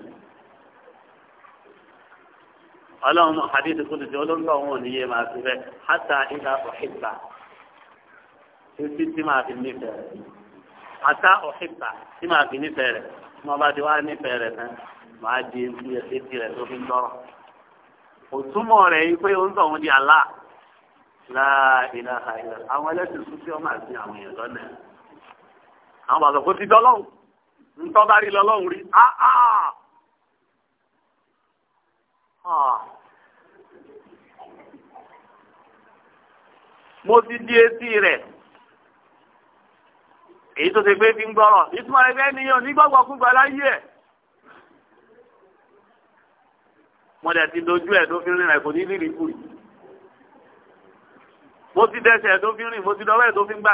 ọlọ́run hadith kúndùn tí olóńtọ̀ wọn ò ní yé máa fi rẹ̀ hátà ìlà ọ̀hìbà títí tí máa fi nífẹ̀ẹ́ rẹ̀ hátà ọ̀hìbà tí máa fi nífẹ̀ẹ́ rẹ̀ tí wọ́n bá ti wá nífẹ̀ẹ́ rẹ̀ tán máa di etí etí rẹ̀ tó fi ń tọrọ. òtúmọ̀ rẹ̀ yìí pé olóńtọ̀ wọn di àlá láìlà àìlà àwọn ẹlẹ́sìn tún tí wọ́n máa Ah. mo ti di etí rẹ̀ èyí tó ṣe pé fi ń gbọ́rọ̀ ìtumọ̀ rẹ̀ fẹ́ nìyàn fún gbàlá yìí ẹ̀ mo ti dojú ẹ̀ tó fi rìn rẹ̀ kò ní rírì yìí mo ti dẹsẹ̀ tó fi rìn mo ti dọwọ́ tó fi gbà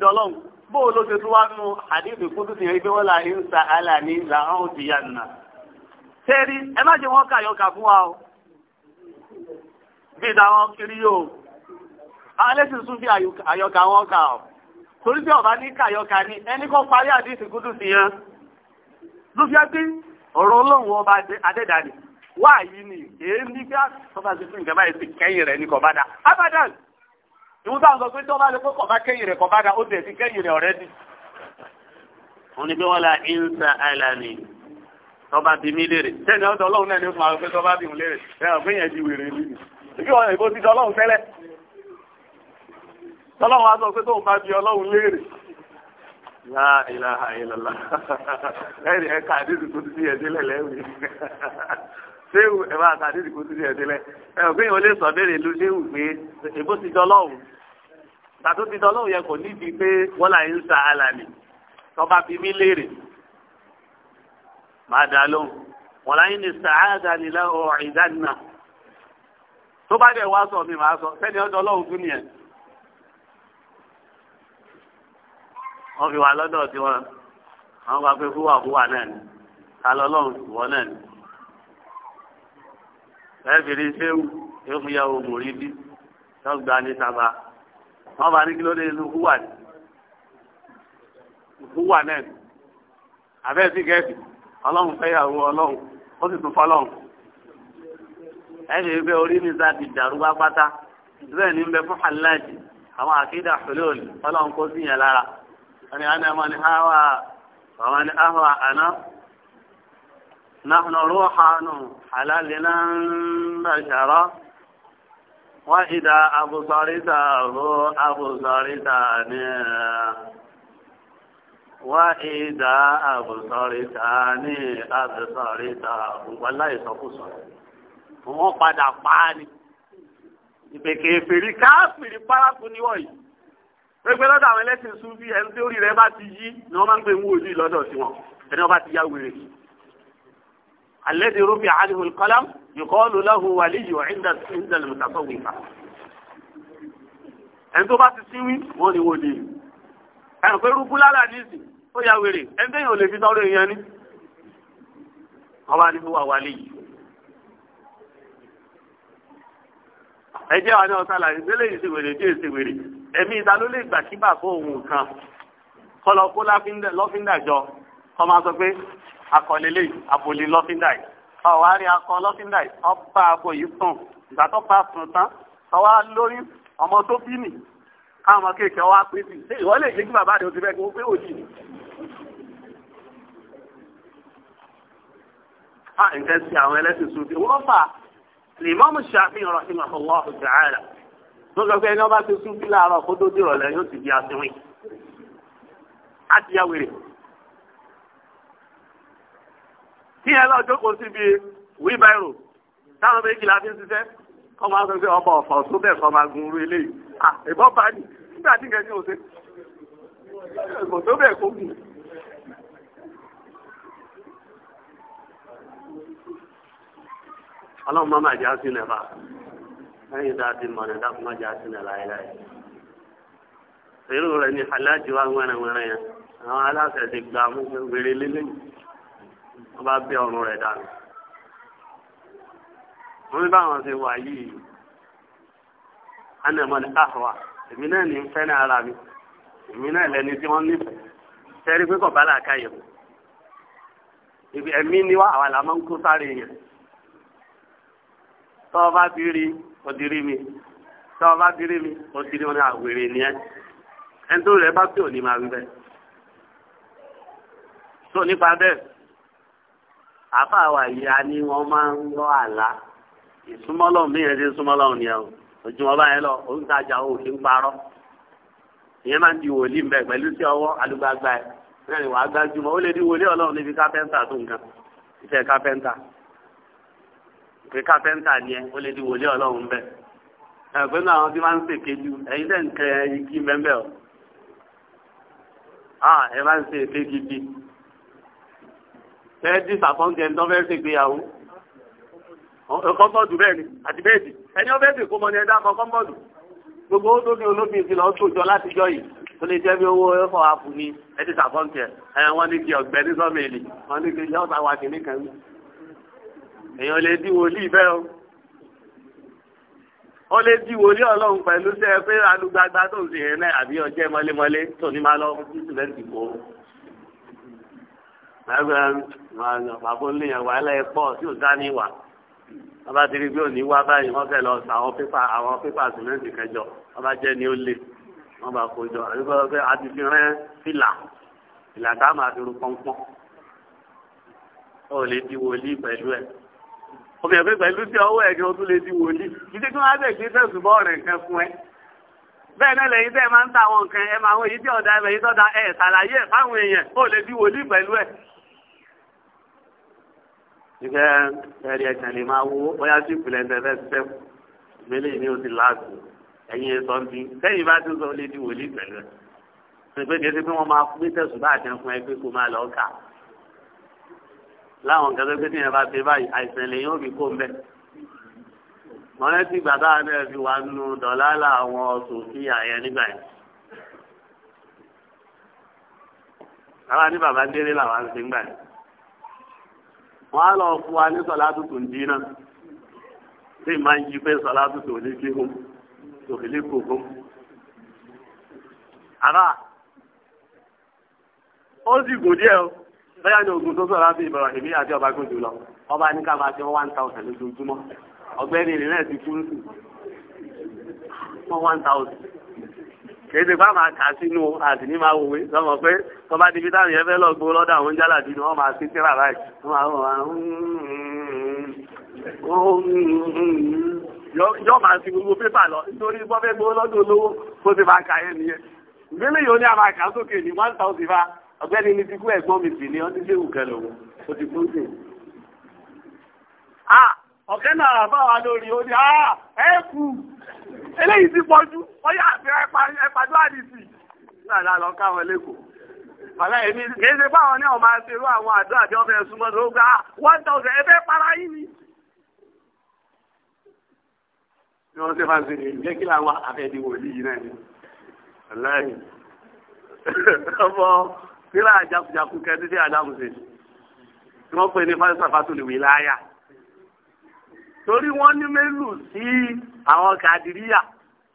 tó bóò ló ṣe tún wá nu àdéhùn kúndú ti wọ́n là ń sa àlà ní làwọn ti yà nà. wa o bí ìdáwọn kiri yóò alẹ́ sún bí àyọkà wọn kà torí bí ọba ní kàyọkà ni ẹni kọ́ parí ló fi ẹ́ ọ̀rọ̀ ọlọ́run ìwọ́n tá à ń sọ pé tí wọ́n bá lè pé kọ̀ọ̀bá bí wọ́n la insa alani tọ́ba bí mi léèrè sẹ́ni ọ̀dọ̀ ọlọ́run náà ni ó fún àwọn pé tọ́ba bí mi léèrè ẹ̀ ọ̀gbìn yẹn di wèrè mi ìbí wọn ìbò ti di ọlọ́run tẹ́lẹ̀ tọ́lọ́run á sọ pé tóun bá bí ọlọ́run léèrè. La di ẹ̀dílẹ̀ lẹ́wìn ṣéwù ẹ̀ bá àtàdéhùn tó ti di ẹ̀dílẹ̀ ẹ̀ ọ̀gbìn yẹn ó lè sọ béèrè lu ṣéwù pé èbó ti di ọlọ́run pàtó ti tọ́ lóun yẹ kò nídìí pé wọ́n là ń sa alàmì tọ́ba fi mí léèrè máa dà lóhùn wọ́n láyé ní sàáda nílẹ̀ ọ̀rìndánná tó bá dẹ̀ wá sọ mi máa sọ sẹ́ni ọ̀dọ̀ ọlọ́run tún nìyẹn. wọ́n fi wà lọ́dọ̀ tí wọ́n àwọn bá pé fúwà fúwà náà ni ká lọ lọ́run wọ́n náà ni. ẹ fi rí sẹ́wù ewu yà wò mórí bí tọ́gbà ní sábà. wọ́n bá ní kí ló dé inú ní ọlọ́run fẹ́yàwó ọlọ́run ó sì tún ẹ̀sìn wípé orí mi ni ń bẹ fún aláàjì àwọn àkídà ọlọ́run kó sí yẹn lára wọ́n ìdá abùsọ̀rítà ro abùsọ̀rítà ní wọ́n ìdá abùsọ̀rítà ní abùsọ̀rítà ògbà láìsọkúsọ wọ́n padà pàání ìpèkè fèrí káàfìrí párákù níwọ̀ yìí pẹ̀pẹ́ lọ́dọ̀ àwọn ẹlẹ́sìn súnfì ẹni tí orí rẹ̀ bá ti yí ni wọ́n máa ń gbé mú ojú ìlọ́dọ̀ sí wọn ẹni wọ́n bá ti yá wèrè alẹ́ ti rúbi àdìmọ̀lì kọ́lámù yùkọ́ọ̀lù lọ́hùn wàlí yìí ọ̀hìndà ìdàlẹ̀ mùtàtọ̀ wípa. ẹni tó bá ti síwí wọ́n ni wọ́n lè yìí. ẹ̀rù pé rúkú lára ní ìsìn ó ya wèrè ẹni tẹ́yìn ò lè fi sọ́rọ̀ èèyàn ní. wọ́n bá ní fún wa wàlí yìí. ẹ jẹ́ wa ní ọ̀sán àlàyé délé yìí ṣe wèrè díẹ̀ ṣe wèrè ẹ̀mí ìta ló lè gbà kí bàbá òun kan kọlọ kó lọ́fíńdà jọ kọ́ máa sọ pé akọ̀lélẹ́yìn àpòlí lọ́fíńdà yìí ọ̀wá rí akọ lọ́fíńdà yìí ọba àbọ̀ yìí sùn ìgbà tó pa sùn tán ọwá lórí ọmọ tó bí nì káwọn ọmọ kéèké ọwá pé sí ṣé ìwọ lè jẹ́ kí bàbá rẹ̀ ó ti fẹ́ kí ó pé òjì ni. a nǹkan sí àwọn ẹlẹ́sìn sùn bí wọ́n fà lèmọ́mù ṣàfihàn rọ̀ sínú ọ̀wọ́ ọ̀jà ààrẹ tó sọ pé ẹni ọba ti sùn bí láàárọ̀ kó tó dìrọ̀lẹ́ yóò ti di àtiwìn á ti kí ẹ lọ jókòó síbi wíbẹ̀rù táwọn méjìlá fi ń ṣiṣẹ́ kọ́ máa sọ ọmọ ọ̀fà ọ̀tún bẹ́ẹ̀ kọ́ máa gun orí eléyìí à ìbọn bá ní nígbà tí kẹ́kẹ́ ò ṣe kò tó bẹ́ẹ̀ kó gùn. ọlọ́run máa máa jẹ́ àṣìlẹ̀ bá lẹ́yìn tá a ti mọ̀ nígbà kó máa jẹ́ àṣìlẹ̀ láéláé. èrò rẹ̀ ní aláàjì wa wẹ́rẹ̀wẹ́rẹ̀ yẹn àwọn aláṣẹ ti gbà mú lélẹ́yìn wọ́n bá bẹ́ ọrùn rẹ̀ dànù wọ́n ní báwọn ṣe wà yìí anamọ́ni àhùwà ah, èmi náà ní fẹ́ ní ara mi èmi náà lẹni tí wọ́n nífẹ̀ẹ́ sẹ́rí pé kò bá làákà ibi ẹ̀mí ni wá àwa là máa ń kó sáré yẹn tọ́ ọ bá rí òdìrí mi tọ́ ọ bá rí mi òdìrí ah, wọn ni àwèrè nìyẹn ẹni tó rẹ̀ bá pè ò ní máa ń bẹ́ẹ̀ tó nípa bẹ́ẹ̀ àfàwà ìyá ni wọ́n máa ń lọ àlá ìsúmọ́lọ̀ mìíràn ti ń súmọ́lọ̀ ni ẹ̀ ojú wọn báyẹn lọ ó ń tajà ó kì ń parọ́ ìyẹn máa ń di wòlíì mbẹ pẹ̀lú sí ọwọ́ alùgbàgbà ẹ̀ náà ni wàá gbájúmọ́ ó lè di wòlíì ọlọ́run níbi káfẹ́ńtà tó nǹkan iṣẹ́ káfẹ́ńtà pé káfẹ́ńtà ni ẹ ó lè di wòlíì ọlọ́run mbẹ ẹ̀pẹ́ náà àwọn tí máa ń ṣèké ju ẹ̀yin tẹ̀ ń kẹ́ igi mbẹ́mbẹ́ o ah, ẹ máa ń ṣèké gidi ẹ disappoint ẹni tó fẹ́ ṣe ìgbéyàwó kọ́mbọ̀dù bẹ́ẹ̀ ni àti bẹ́ẹ̀dì ẹni ọ bẹ́ẹ̀dì kó mọ ní ẹ̀dá kan kọ́mbọ̀dù gbogbo ó tóbi olómi ìfìlà ó tòjọ láti jọ yìí tó lè jẹ́ bí owó ẹ̀fọ́ àpò ni ẹ disappoint ẹ ẹ wọ́n ní kí ọ̀gbẹ́ ní sọ́mẹ̀lì wọ́n ní kí yọ́ọ̀tà wà kìíní kan wí. èèyàn lè di wòlíì bẹ́ẹ̀ o ó lè di wòlíì ọlọ́run pẹ̀lú sẹ́ẹ̀ pé alugbagba tó ń ṣe yẹn náà àbí ọjẹ́ mọ́lémọ́lé tó ní má lọ bàbá olè yẹn wàhálà ẹ pọ̀ tí ò dá ní wà wọ́n bá ti rí bí wá báyìí wọ́n fẹ́ lọ àwọn pépà àwọn pépà sìmẹ́ǹtì kẹjọ wọ́n jẹ́ ní ó lè wọ́n bá kó jọ àbí bọ́lá pé a fi rẹ́ fìlà fìlà tá a máa fi ru pọ́npọ́n ó lè di wòlíì pẹ̀lú ẹ̀ ọbẹ̀ pé pẹ̀lú tí ọwọ́ ẹ̀ kí o tún lè di wòlíì ìdí tí wọ́n á bẹ̀ gbé fẹ̀sùn bẹ́ẹ̀ náà lẹ́yìn tẹ́ máa ń ta àwọn nǹkan ẹ máa wọ èyí tí ọ̀dà ẹ̀ ìgbẹ́ ẹ̀rí ẹ̀kàn lè máa wo bóyá sí ìpìlẹ̀ ẹ̀ńtẹ̀fẹ́ ṣiṣẹ́ ìgbélé ni ó ti láàbù ẹ̀yin ẹ̀sọ́ ń bí sẹ́yìn bá ti sọ lé di wòlíì pẹ̀lú ẹ̀ pèpè kìí ṣe pé wọ́n máa gbé tẹ̀sùn bá àtẹ̀ fún ẹ pé kó máa lọ kà láwọn nǹkan tó gbé tí yẹn bá ṣe báyìí àìsàn lèyìn ó fi kó mbẹ mọ rántí ìgbà táwọn náà fi wà nù dọ̀làlà àwọn sòfì wọ́n á lọ fún wa ní sọ̀lá tuntun dínà tí ì máa ń yí pé sọ̀lá tuntun ò ní kí hún tòkè lè kó hún. àrà ó sì gùn díẹ̀ o bẹ́ẹ̀ ni ogun tó sọ̀rọ̀ àti ìbọ̀rọ̀ ìbí àti ọba gùn jù lọ ọba ní ká máa ti one thousand lójoojúmọ́ ọgbẹ́ni ìrìnlẹ̀ ti kú ń sùn one thousand kéde bá máa kà sínú àdìní máa wòwe lọ́mọ pé tọ́ba dibi táwọn yẹn lọ gbó lọ́dọ̀ àwọn jálà bíi ni máa sí tíra báyìí wọ́n máa wọ́n máa yọ́ máa fi gbogbo pépà lọ nítorí bọ́ fẹ́ gbó lọ́dọ̀ olówó kó ti máa kà yẹn nìyẹn ìgbélé yìí ó ní a máa kà sókè ní one thousand five ọ̀gbẹ́ni ní ti kú ẹ̀gbọ́n mi sì ní ọdún léwu kẹlẹ̀ òun ó ti kú sí ah! ọ̀kẹ́ náà báwa lórí ó ní àà ẹ́kù eléyìí ti pọ̀jú ọyá àti ẹ̀pàdó àdìsí láàdá lọ káwọn lẹ́kọ̀ọ́ bàbá èmi kìí ṣe báwọn ní ọmọ àti irú àwọn àdó àjọ fẹ́ súnmọ́ tó gbá one thousand ẹgbẹ́ para yín ni. ní wọ́n ṣe máa ṣe lè jẹ́ kí làwọn afẹ́dí wòlíì náà ni aláì ọmọ sílá àjàkújakú kẹ́ẹ́dẹ́dẹ́ àdáhùn ṣe tí wọ́n pè ní fásitì àfàtúlùwì láyà torí wọ́n ní mélòó sí àwọn kàdìríyà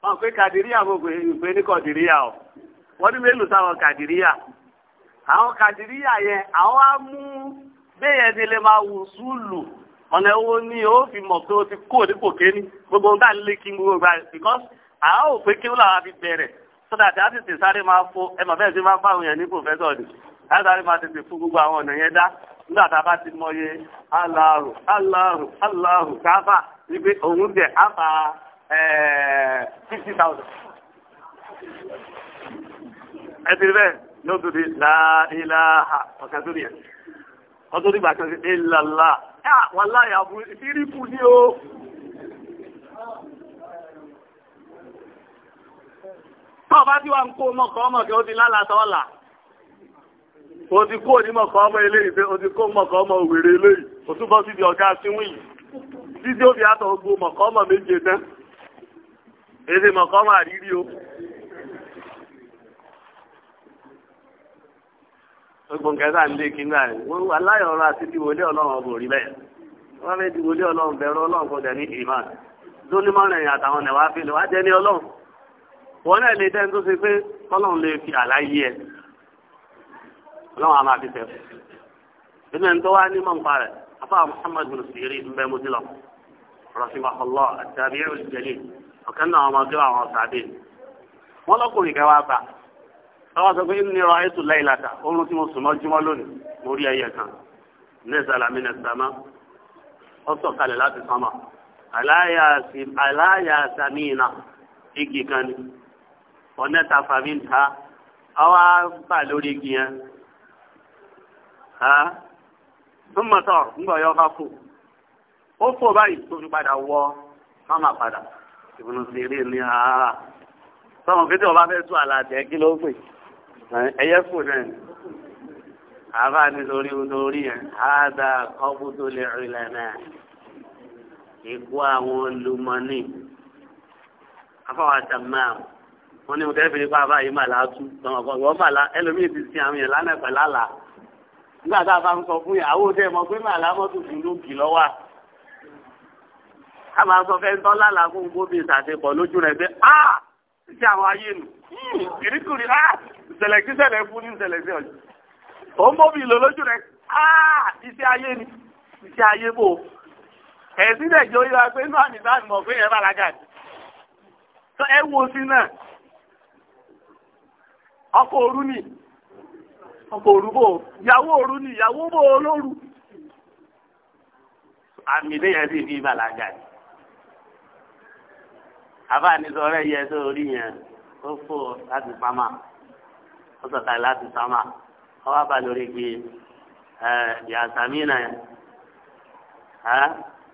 wọ́n pé kàdìríyà mo pè pé ní kọ̀dìríyà o wọ́n ní mélòó sáwọn kàdìríyà àwọn kàdìríyà yẹn àwọn á mú bẹ́yẹn ti lè máa wù súùlù ọ̀nà owó ni ó fi mọ̀ pé ó ti kó òdìpò kéní gbogbo ń bá lé kí gbogbo gbà because àwọn ò pé kí ó làwọn fi bẹ̀rẹ̀ so that a tètè sáré máa fo ẹ mọ̀ bẹ́ẹ̀ sí máa bá àwọn èèyàn ní pòfẹ́sọ̀ ni láti sáré máa tètè fún gbogbo àwọn ọ̀nà yẹn dá nígbà tá ti mọye aláàrù aláàrù aláàrù káfà òun jẹ àfà eh, bẹ́ẹ̀ ló tó di láìláha ọ̀kan ẹ̀ ọdún nígbà ìlàlá wà láyà ní o. bá tí ń kó mọ́kọ́ mọ́kẹ́ ó ti lálàá o ti kó ní mọ̀kọ́ ọmọ eléyìí pé o ti kó mọ̀kọ́ ọmọ òwèrè eléyìí o túbọ̀ sí di ọ̀gá síwìn yìí títí ó fi àtọ̀ mọ̀kọ́ ọmọ méje tán èdè mọ̀kọ́ ọmọ àrírí o. gbogbo nǹkan ń lé kí náà wọ́n ọlọrụ àti bụ ọlọ́run ọgbọ̀n rí bẹ́ẹ̀ wọ́n fẹ́ ọlọ́run ọlọ́run ní ẹ̀yìn àtàwọn ẹ̀wà fi lè wá jẹ́ ní ọlọ́run wọ́n náà lè tó ṣe ọlọ́run a máa fi fẹ́ inú ẹni tó wá ní mọ̀ nípa rẹ̀ afáà muhammad bin siri ń bẹ́ mutí lọ rahimahullah àtàbí ẹ̀rù jẹ̀lẹ̀ ọ̀kan náà ọmọ ọdún àwọn ọ̀sàdé wọn lọkùnrin kẹwàá bá lọ́wọ́ sọ pé ní rọ ètò láìláta oorun tí mo sùn mọ́ jùmọ́ lónìí mo rí ẹyẹ kan ní ìsàlámì ní ìsàmá ó sọ̀ kalẹ̀ láti sánmà aláyà igi kan ni ọ̀nẹ́ta fàmí ta àwa bà lórí igi yẹn ń mọ̀tọ̀ ńgbọ̀ yọ bá fò ó fò báyìí tó fi padà wọ sọ́mà padà ìbùnú sí eré ní ara sọ́mà pété ọba fẹ́ tú àlàjẹ́ kí ló pè ẹyẹ fò náà ni àbá nítorí nítorí yẹn ádá ọkú tó lè rí lẹ́nà ìkú àwọn olùmọ̀ọ́nì afọwọ́ àtàmọ́ wọn ni mo tẹ́ fi ní pa àbá yìí màlá tú tọmọkọ ìwọ́n màlá ẹlòmíì ti sin àwọn yẹn lánàá pẹ̀lú àlà nígbà tá a bá ń sọ fún ìyàwó tẹ mọ pé màlá mọ́tò tún ló kì lọ́wọ́ a máa sọ fẹ́ ń lálàá fún gómìn ìtàṣepọ̀ lójú rẹ̀ pé a ti àwọn ayé nù hmm, kìrìkìrì a ìṣẹ̀lẹ̀ kí ìṣẹ̀lẹ̀ fún ní ìṣẹ̀lẹ̀ sí ọ̀yọ́ ó ń bóbi ìlò lójú rẹ̀ a iṣẹ́ ayé ni iṣẹ́ ayé bò ẹ̀sìn dẹ̀ jẹ́ oyè wa pé inú àmì bá mọ̀ pé ẹ bá lága ni ẹ wo sí náà ọkọ̀ òru ni ọkọ òru bò ìyàwó òru ni ìyàwó bò olóru àmì lẹ́yìn sì fi bàlágà ni àbánisọrọ ẹyẹ tó rí yẹn ó fò láti pamọ́ ó sọ̀tà láti pamọ́ ó wá bá lórí pé ẹ yàtàmí náà ẹ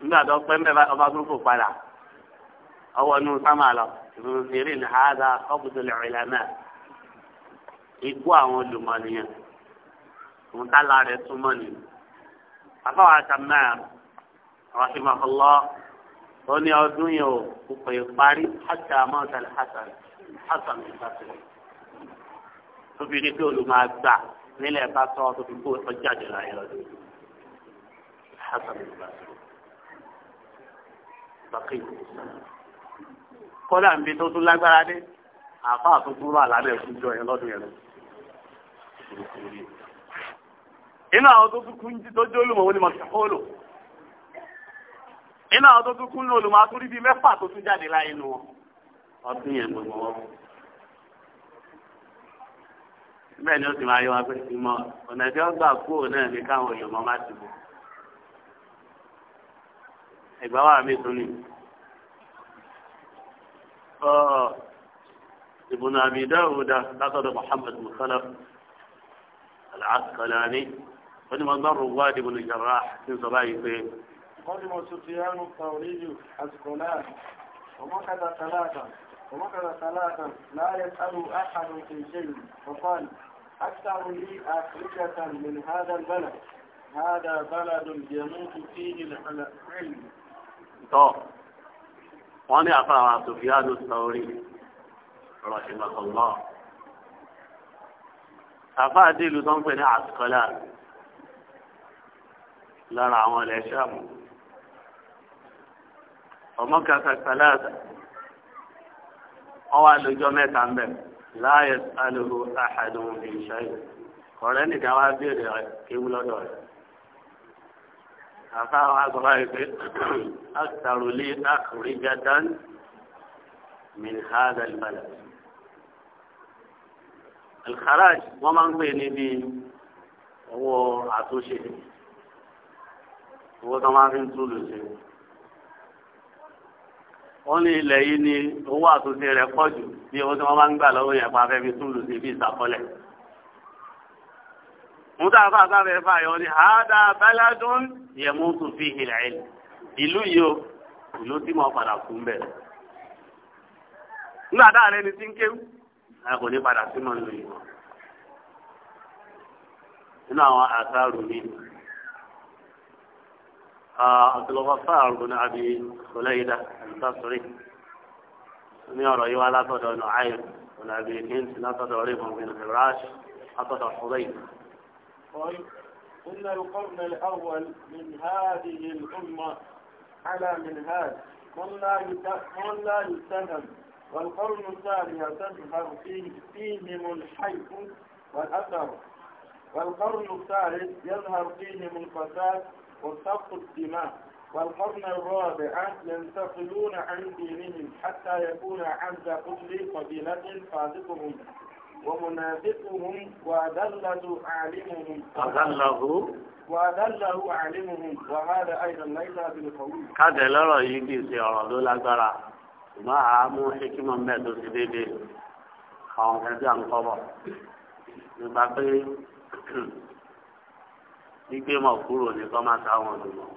nígbà tó pẹ́ mbẹ́ ọba tó fò padà ọwọ́ inú sámà lọ ìròyìn eré ní àádá ọ̀bùdó lẹ́rìnlá náà ikú àwọn olùmọ̀ nìyẹn òun tá lára ẹ̀ túmọ̀ ni. àfọwọ́ àtàmà rahimahullah ó ní ọdún yẹn ò kò parí hasan mọ́tàl hasan hasan ìfàsẹ̀. tó fi ní pé olùmọ̀ àgbà nílẹ̀ bá tọ́ tó fi kó ọjà jù láyé lọ́dún. hasan ìfàsẹ̀. bàkì kọ́dà ń bi tó tún lágbára dé àfa àtúntúrò àlàbẹ̀ ìfúnjọ yẹn lọ́dún yẹn lọ iná àwọn tó kúkú ń jí tó jó olùmọ̀ ní mọ̀síkólò iná àwọn tó kúkú ní olùmọ̀ àtúrí bíi mẹ́fà tó tún jáde láyé nu wọn ọdún yẹn gbogbo wọn. bẹ́ẹ̀ ni ó sì máa yọ wá pé ìmọ̀ ọ̀nà tí wọ́n gbà kúrò náà ní káwọn olùmọ̀ má ti bọ̀. ẹ̀gbá wà mí tún ni. ibùnà àbí dáhùn dá látọ̀dọ̀ Muhammad musalaf al-Asqalani wọ́n ما wọ́n gbọ́ rògbò àdìbò lè yàrá tí ń sọ báyìí قدم سفيان الثوري حسقلان ومكث ثلاثا ومكث ثلاثا لا يسأل أحد في شيء فقال أكثر لي أفريقة من هذا البلد هذا بلد يموت فيه العلم. طب wọ́n ní àfàwà sùfìánù sọ̀rí rọ̀ṣìmọ̀kànlá àfàdé ìlú tó ń pè ní àsìkọ́lá lára àwọn ilẹ̀ ṣáàmù ọmọ kàkà sàlẹ́sà wọ́n wá lójọ́ mẹ́ta ń bẹ̀ láàyè alùpùpù àhàdùn ìṣẹ́yìn ọ̀rẹ́ nìkan wá béèrè rẹ̀ kéwú lọ́dọ̀ rẹ̀ àfa àwọn agbára ìpè àtàròlé àkùrẹ́gàdán mìnhàdà ìbàdàn alkharaj wọ́n máa ń pè níbi owó àtúnṣe owó tó máa fi ń túlù sí wọ́n ní ilẹ̀ yìí ni owó àtúnṣe rẹ̀ pọ̀ jù bí owó tí wọ́n máa ń gbà lọ́wọ́ yẹn pa fẹ́ fi túlù sí bí ìsàkọ́lẹ̀. mútà fàáfà fàyọ ní àádá bẹ́lẹ́dún yẹmú tún fi ìhìlẹ̀ ẹ̀ ìlú yìí o ìlú tí mo padà kún bẹ́ẹ̀. nígbà tá a lẹni tí ń kéwú ẹ kò ní padà sí mọ́ nínú yìí. nínú àwọn àṣà rùmí nìyí. آه، عبد الغفار بن أبي خليلة البصري نيرو يوالا تدور نعيم بن أبي هند لا تدور ابن بن حراش أتدور حضيب قل طيب. إن القرن الأول من هذه الأمة على منهاج من لا من والقرن الثاني تظهر فيه فيهم الحيف والأثر والقرن الثالث يظهر فيهم الفساد وسفك الدماء والقرن الرابع ينتقلون عن دينهم حتى يكون عند كل قبيلة فاسقهم ومنافقهم وأذله عالمهم أذله وأذله عالمهم وهذا أيضا ليس بالقوي هذا لا رأي في سيارة دولا قرأ ما عامو حكمة مدو سبيبي خاون كذا انقضى wípé mọ̀ kúrò ní kọ́ máa sáwọn olùmọ̀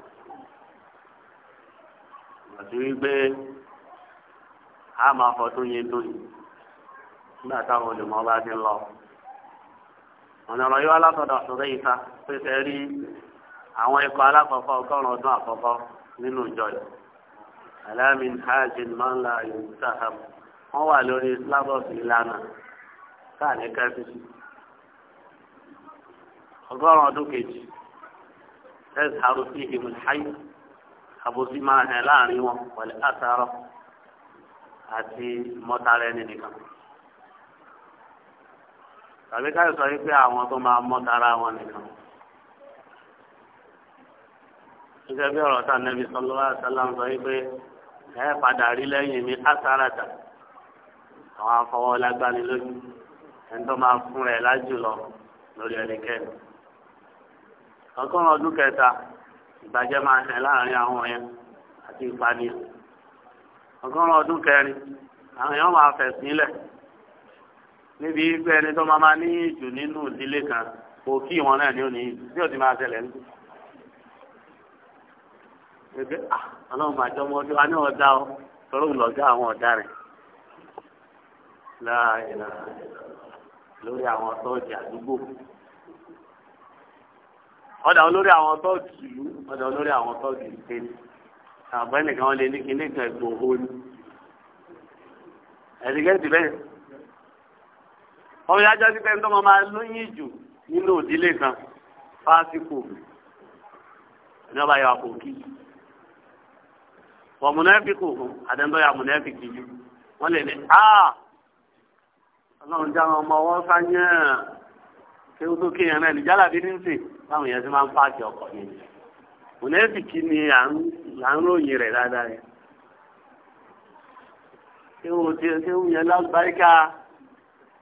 àti wípé a máa fọ tó yẹ tó yìí nígbà táwọn olùmọ̀ bá ti lọ. ọ̀nà ọ̀rọ̀ yóò alákọ̀dọ̀ àtúndé yìí ta pèsè rí àwọn ikọ̀ alákọ̀ọ́kọ́ ọgọ́rùn ọdún àkọ́kọ́ nínú ìjọ yìí. wà lórí slavos káà ní ọgọ́rùn tẹ́sàrò sí ìmùláyì àbòsí máa hàn láàrin wọn pẹ̀lú àtàrọ àti mọ́tàrà ẹni nìkan. tàbí káyọ̀ sọ wípé àwọn tó máa mọ́tàrà wọn nìkan. gẹ́gẹ́ bí ọ̀rọ̀ tá nẹ́bí sọlọ́wọ́ àṣálà ń sọ wípé ẹ padà rí lẹ́yìn mi àtàràtà àwọn afọwọ́ ẹni tó máa fún rẹ̀ lájù lọ lórí ẹnikẹ́ni. ọgọ́rùn ọdún kẹta ìbàjẹ́ máa ṣẹ láàrin àwọn ọ̀yẹn àti ìpànìyàn ọgọ́rùn ọdún kẹrin àwọn èèyàn máa fẹ̀ sílẹ̀ níbi pé ẹni tó máa máa ní ìjù nínú ìdílé kan kò kí wọn náà ní òní ọ tọ́lọ́ ah, àwọn ọ̀dà rẹ̀ láàyè lórí àwọn ọ̀dà olórí àwọn tọ́ọ̀tì ìlú ọ̀dà olórí àwọn tọ́ọ̀tì ìlú àgbẹ̀ nìkan lè ní kí nìkan ìgbòho ni ẹ̀dígẹ́tì bẹ́ẹ̀ ọmọ yájọ́ sí pé ń tọ́mọ máa lóyún jù nínú òdílé kan fásitì ìjọba yà kò kí wọ́n múnẹ́fìkì òkú àdéńtọ́ yà múnẹ́fìkì jù wọ́n lè ní a ọlọ́run já wọn ọmọ wọn sáyẹn ṣé o tó kéèyàn náà ní jálàbí ní sè báwọn èèyàn ti máa ń pààkì ọkọ̀ ní ìlú mùnẹ́sìkì ni à ń ròyìn rẹ̀ dáadáa yẹn kéwù tí kéwù yẹn lágbàríkà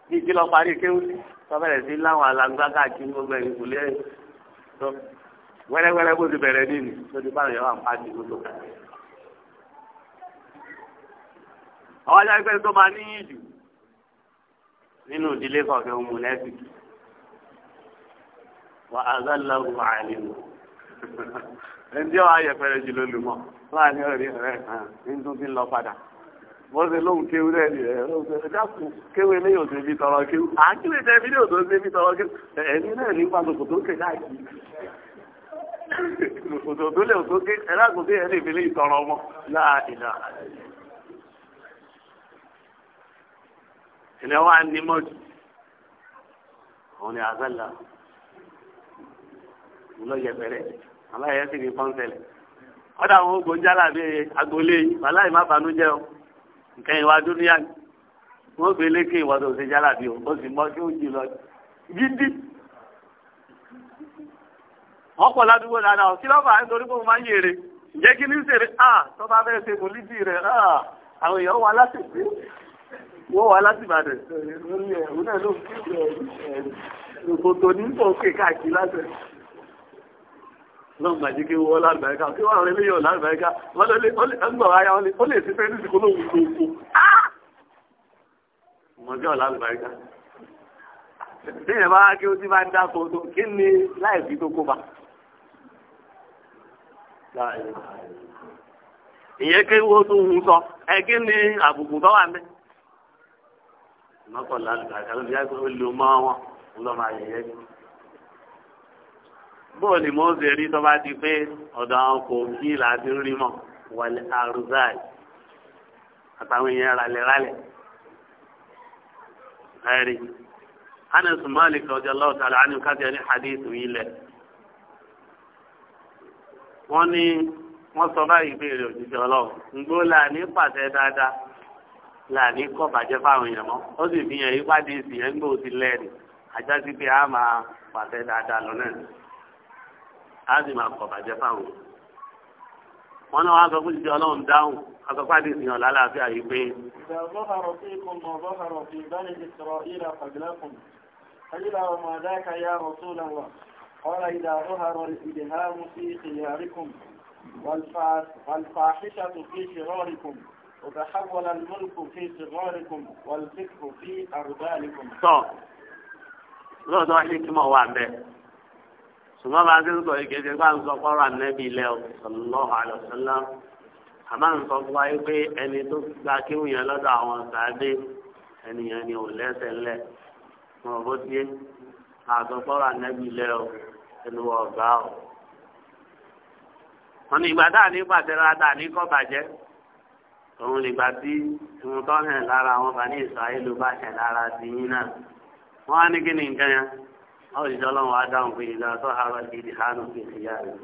bí kí lọ parí kéwù tọ́bẹ̀rẹ̀ sí láwọn alágbá káàkiri gbogbo ẹ̀yìn kò lé tó wẹ́rẹ́wẹ́rẹ́ bó ti bẹ̀rẹ̀ nínú tó ti báyọ̀ wà ń pàdé lóto. àwọn ajá pẹ́ tó máa níyì jù nínú ìdílé kọ̀ọ̀kan mùnẹ́sìkì wà á zálà wà á lè wò ẹni tí wọn á yẹpẹrẹ jù lólùmọ wọn á ọ̀rẹ́ rẹ hàn ní tó ń lọ padà bó ṣe lóhùn kéwú rẹ ni ẹ dákun kéwú eléyìí ò ṣe fi tọrọ kéwú à ń kíwé tẹ fídíò tó ṣe fi tọrọ kéwú ẹni náà ní pàtó tó kéde àìsí òtò tó lè òtò ké ẹ lágùn sí ẹni ìfẹlẹ ìtọrọ ọmọ láàdìlà ìlẹ wa lọ yẹpẹrẹ aláyẹ sì ní kọ́ńsẹ̀lẹ̀ ọ̀dà àwọn ogbonjálà bí agboolé aláì má banú jẹ́ o nǹkan ìwà dúnúyà ni wọ́n gbé lékè ìwà tó ṣe jálà bí o ó sì lọ gidi wọ́n pọ̀ ládùúgbò dáadáa kí lọ́fà pé mo máa ń yèrè kí ní tó bá fẹ́ ṣe pòlítì rẹ̀ àwọn èèyàn wà wọ́n wà lórí náà ló ń ní lọ́n gbàjí kí wọ́n lágbàríkà kí wọ́n rẹ̀ léyọ̀ lágbàríkà wọ́n lọ́gbọ̀ ayá ó lè sí fẹ́ẹ́ nísìkò lóhun gbogbo mọ̀jọ́ lágbàríkà tí yẹn bá kí ó ti bá dáko tó kí ni láì fi tó kópa ìyẹn kí wọ́n tó hun sọ ẹ kí ni àbùkù bá wà mẹ́ mọ́kànlá lágbàríkà ló fi yá pé lè mọ́ wọn lọ́mọ ayẹyẹ bó ni mo ń ṣe rí tó bá ti pé ọ̀dọ̀ àwọn kò kí là rí mọ̀ wàlẹ̀ àrùzáì àtàwọn èèyàn ralẹ̀ralẹ̀ ẹ̀rí Anas Malik radiyallahu ta'ala anhu hadith ilẹ̀ wọ́n ní wọ́n sọ báyìí béèrè òjijì ọlọ́run ǹgbó láàní pàṣẹ dáadáa láàní kọ́ bàjẹ́ fáwọn èèyàn mọ́ ó sì fi hàn yípa dé ìsìn yẹn gbòó lẹ́ẹ̀rì sí pé a á sì máa kọ̀ bàjẹ́ fáwọn. wọn náà wá sọ fún ìṣe ọlọ́run dáhùn akọ́pàdé ìsìn ọ̀la láàfin àyè pé. ìgbà bọ́hàrọ̀ sí ikùn mọ̀ bọ́hàrọ̀ sí ìbáni ìsọ̀rọ̀ ìlà pàgìlákùn ayílà lọ́dọ̀ àyè kí mọ̀ wà bẹ́ẹ̀ ṣùgbọ́n máa ń gbé sọ̀rọ̀ ìkejì bá ń sọ fọ́rọ̀ ànẹ́bí ilẹ̀ sallallahu alaihi wasallam àmọ́ ń sọ fún wa pé ẹni tó gba kíwù yẹn lọ́dọ̀ àwọn sàádé ẹnìyẹn ni ò lẹ́sẹ̀ lẹ̀ mọ̀ bó ti yé àṣọ fọ́rọ̀ ànẹ́bí ilẹ̀ o ẹnu ọ̀gá o. wọn ní ìgbà tá à ní pàṣẹ ra tá à ní kọ́ bàjẹ́ òun nígbà tí ìwọ̀n tó hẹ̀ lára àwọn bàní ní kí àwọn òṣìṣẹ́ ọlọ́run wa dáhùn pé ìlà tó hàrọ̀ ìdí hànú fi ìyá rẹ̀.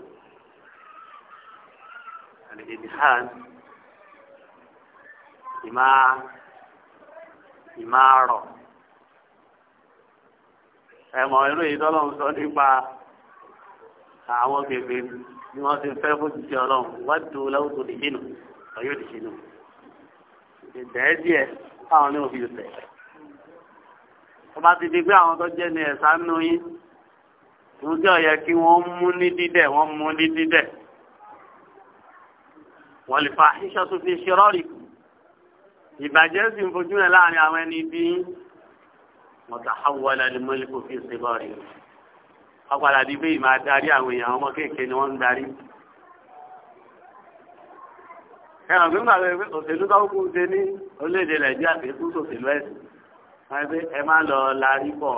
Ìdí hàn ìmá ìmá rọ̀. Ẹ̀mọ̀ irú èyí tọ́lọ́run sọ nípa àwọn bèbè ni wọ́n ti fẹ́ fún òṣìṣẹ́ ọlọ́run wá tó lọ́wọ́ tó ọ̀yọ́ dìjínù. Ìbẹ̀ẹ́ díẹ̀ táwọn ní òfin tẹ̀ ọba ti di pé àwọn tó jẹ́ ní ẹ̀sà nù yín ìwọ́n tí ó yẹ kí wọ́n mú ní dídẹ̀ wọ́n mú ní dídẹ̀ wọ́n lè fa iṣẹ́ tó fi ṣe rọ́ọ̀rì kù ìbàjẹ́ sì ń fojú rẹ̀ láàrin àwọn ẹni bí mọ̀tà hawala ni mọ́lẹ́kù fi ṣe bọ́ọ̀rì wọ́n di pé ìmọ̀ adarí àwọn èèyàn ọmọ kéèkéé ni wọ́n ń darí ẹ̀rọ gbígbà òṣèlú tó kù ṣe ní orílẹ̀-èdè nàìjíríà kì kú sòṣèlú ẹ̀sìn wọ́n pé ẹ má lọ larí bọ̀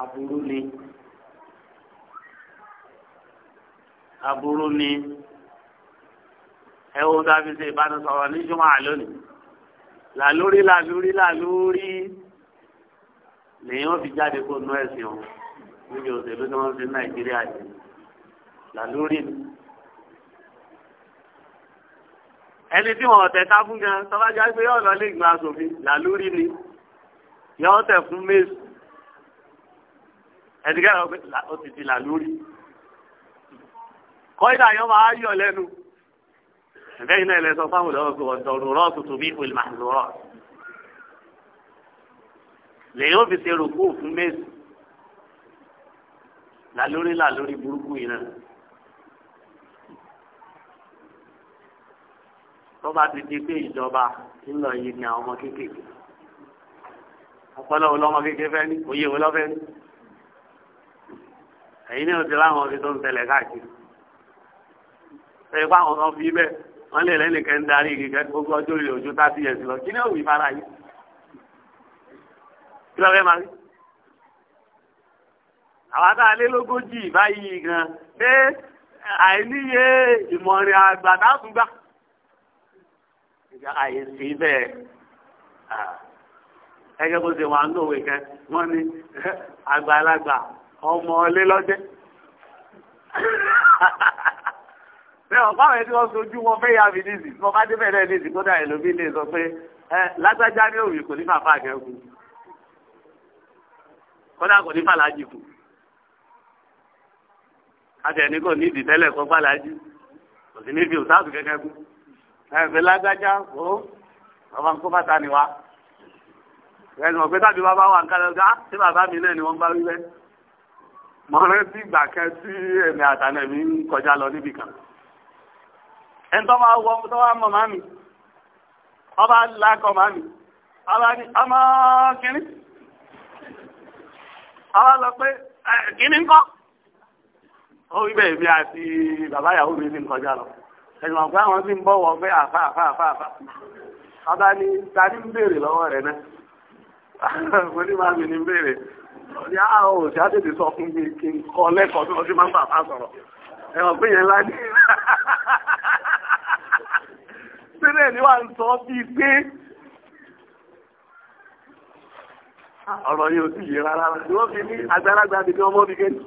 aburú ni aburú ni ẹ wo dábí ṣe ìbánisọ̀rọ̀ ní jùmọ̀ àlónìí làlórí làlórí làlórí lèyìn ó fi jáde kó nu ẹ̀sìn o níbi òṣèlú tí wọ́n ń ṣe ní nàìjíríà yìí làlórí ni. ẹni tí wọn ọ̀tẹ̀ ká fún gan tọ́bajá pé yóò lọ lé ìgbà sófin làlórí ni yọ tẹ fún méjì ẹnìkan yọ pé ó ti di là lórí kọ́ńtà yọ máa yọ lẹ́nu ẹ̀fẹ́ iná ẹ̀ lẹ́sọ fáwọn ọ̀dọ́ ọ̀gbìn ọ̀dọ́ ọ̀rọ̀ tuntun bí ìpìlẹ̀ máa lọ rọ̀ lèyìn ó fi ṣe rògbò fún méjì là lórí là lórí burúkú yìí náà. tó ti di pé ìjọba ńlọ yìí ni àwọn ọmọ kéékèèké ọpọlọ ọlọmọ kékeré fẹ́ ní òye òwe lọ́fẹ́ ní. ẹ̀yin náà ti láwọn ọdún tó ń tẹ̀lẹ̀ káàkiri. ẹ̀yin fáwọn ọ̀nà fi bẹ́ẹ̀ wọ́n lè lẹ́nìkan ń darí kíkẹ́ gbogbo ọjọ́ ìlú ojú tá sí ẹ̀sìn lọ kí ni òwì fara yìí. kí lọ́fẹ́ máa rí. àwọn tá a lé lógójì báyìí gan ṣé àìníye ìmọ̀rin àgbà dáàtúgbà. àìsí bẹ́ẹ̀. Ah gẹ́gẹ́ bó ṣe wà ń lòwe kan wọ́n ní àgbàlagbà ọmọ ọlé lọ́jẹ́. Bẹ́ẹ̀ báwo ẹni wọ́n sojú wọn fẹ́ ya mi níìsì tí wọ́n bá dé bẹ̀rẹ̀ níìsì kó dà ẹlòmíì lè sọ pé ẹ lágbájá ní òwì kò ní fàfà kẹ́kù. Kódà kò ní fàlájì kù. Àtẹ̀ní kò ní ìdí tẹ́lẹ̀ kó fàlájì. Kò sí ní fi òsáàtù kẹ́kẹ́ kú. Ẹ fẹ́ lágbájá kó ọmọ kó bàtà ni wa ẹ̀sùn ọ̀pẹ́ tàbí bàbá wà kálẹ̀ ọ̀gá tí bàbá mi náà ni wọ́n bá rí bẹ́ẹ̀. mo rántí ìgbà kan tí èmi àtàlẹ̀ mi ń kọjá lọ níbì kan. ẹni tó máa wọ tó wá mọ̀ màmí ọba lákọ̀ màmí ọba ní ọmọ kìnní. ọba lọ pé kìnní ń kọ́. ó rí bẹ́ẹ̀ mi àti bàbá ìyàwó mi ti ń kọjá lọ. ẹ̀sùn ọ̀pẹ́ àwọn ti ń bọ̀ wọ pé àfa àfa àfa àfa. ọba ní ta ni ń béèrè lọ́wọ́ rẹ̀ náà. mo ní máa mi ní béèrè ní àwọn òṣìṣẹ́ sọ fún mi kí n kọ́ lẹ́kọ̀ọ́ tí wọ́n ti máa ń bàbá sọ̀rọ̀ ẹ̀wọ̀n pé yẹn ládé sílẹ̀ ni ń sọ bíi pé ọ̀rọ̀ yóò sì yé rárá ni wọ́n fi ní agbárágbá bí kí bí kéjì.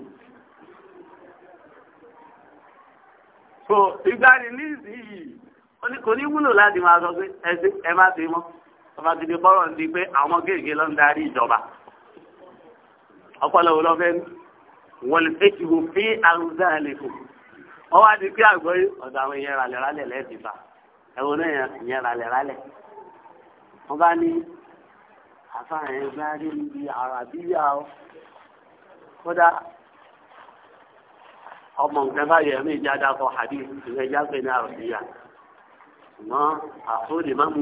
so ìgbani ní ìsinyìí kò ní wúlò láti máa sọ pé ẹ má ti mọ́ ọba ti di bọ́rọ̀ ní pé àwọn gègé ló ń darí ìjọba ọpọlọ òun wọlé fẹ́kì fí àrùdá ẹlẹ́kọ̀ ọwọ́ àti pé àgbọ̀ yìí ọ̀dọ̀ àwọn èèyàn ralẹ̀ ralẹ̀ lẹ́ẹ̀dì bá ẹ̀wọ̀n náà èèyàn ralẹ̀ ralẹ̀ wọ́n bá ní àfààní gbárí níbi àràbíyà ọ kódà ọmọ nǹkan báyọ̀ ẹ̀mí ìjà dákọ̀ àbí ìrẹ́jà pé ní àràbíyà ṣùgbọ́n àfọ́dé má mú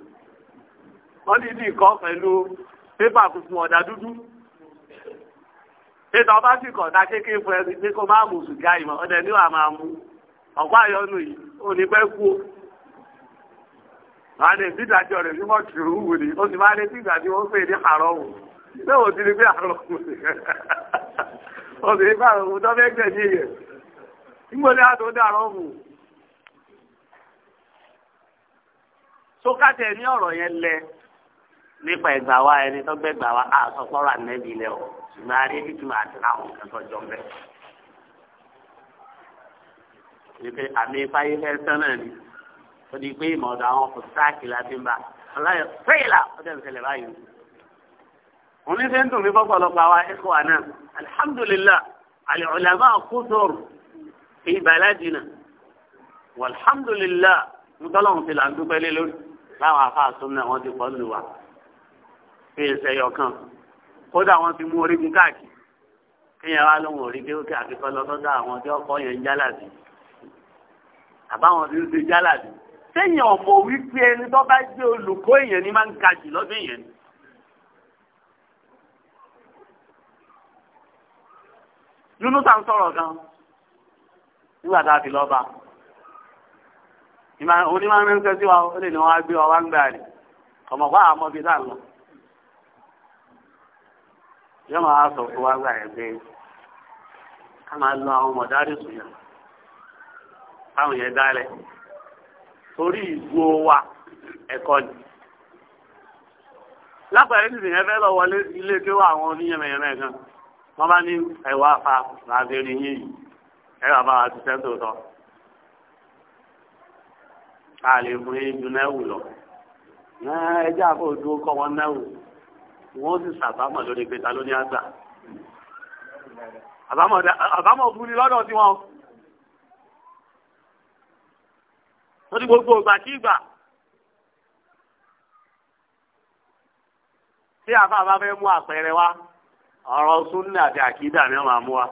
wọ́n ní ní nǹkan pẹ̀lú pépà funfun ọ̀dà dúdú ètò ọba sì kọ̀ dá kékeré fún ẹni pé kó máa mú sùgá ìmọ̀ ọ̀dẹ ní wàá máa mú ọ̀pọ̀ àyọnu yìí ò ní pẹ́ kú o ìdájọ́ rẹ̀ ti wù ní ó sì máa ìdájọ́ pè ní ti ní pé sì ní pé tó fẹ́ gbẹ̀ ní ìyẹn àtò sókàtẹ̀ ní ọ̀rọ̀ yẹn nípa ìgbà wa ẹni tó gbẹ gbà wa àsọpọ̀rọ̀ ànẹ́bí lẹ o ṣùgbọ́n a rí ìtumọ̀ àti àwọn nǹkan tó jọ mbẹ. wípé àmì ìfáyé fẹ́ sẹ́nà ni ó di pé ìmọ̀ ọ̀dọ̀ àwọn kò sáàkì láti ń bá ọláyọ̀ fẹ́yìlà ó dẹ̀ ń ṣẹlẹ̀ báyìí. mo ní sẹ́ńtù mi fọ́pọ̀lọpọ̀ àwa ẹ̀kọ́ àná alihamudulilayi alìhùlàmà kútùrù fi baladina walhamdulilayi mo tọ́lọ́ kí kan kódà wọ́n ti mú orígun káàkiri kéèyàn wá lóhùn orí pé ó kí àfikọ́ lọ sọ́dọ̀ àwọn tí ọkọ yẹn jálàdì àbáwọn tí ó ti jálàdì sẹ́yìn ọ̀mọ̀ wípé ẹni tó bá jẹ́ olùkọ́ èèyàn ni máa ń ga jù lọ́dún èèyàn ni. yúnúta ń sọ̀rọ̀ gan nígbà tá a fi lọ́ba onímọ̀ ń ránṣẹ́ wa ó lè ní wọ́n á gbé wa wá ń gbà rè ọmọ kó bíi tá à ń lọ yóò máa sọ fún wa gbà yẹn ká máa lọ àwọn mọ̀dárì sùn yẹn káwọn yẹn dálẹ̀ torí ìgbó wa ẹ̀kọ́ ni. lápẹ̀rẹ́ nìdí yẹn fẹ́ lọ wọlé ilé tí wọ́n àwọn oníyẹmẹyẹmẹ kan wọ́n bá ní ẹ̀wà afa láti rí yín yìí ẹ̀wà bá wa ti sẹ́ńtò tọ́ ká lè fún yín ju náà wù lọ. ẹjẹ́ àbò dúró kọ́ wọn náà wù wọ́n sì sàbámọ̀ lórí pé ta ló ní àgbà àbámọ̀ fún ni lọ́dọ̀ sí wọn. wọ́n ti gbogbo ìgbà kí ìgbà tí àfa bá fẹ́ mú àpẹẹrẹ wá ọ̀rọ̀ súnlé àti àkídà ni wọ́n máa mú wa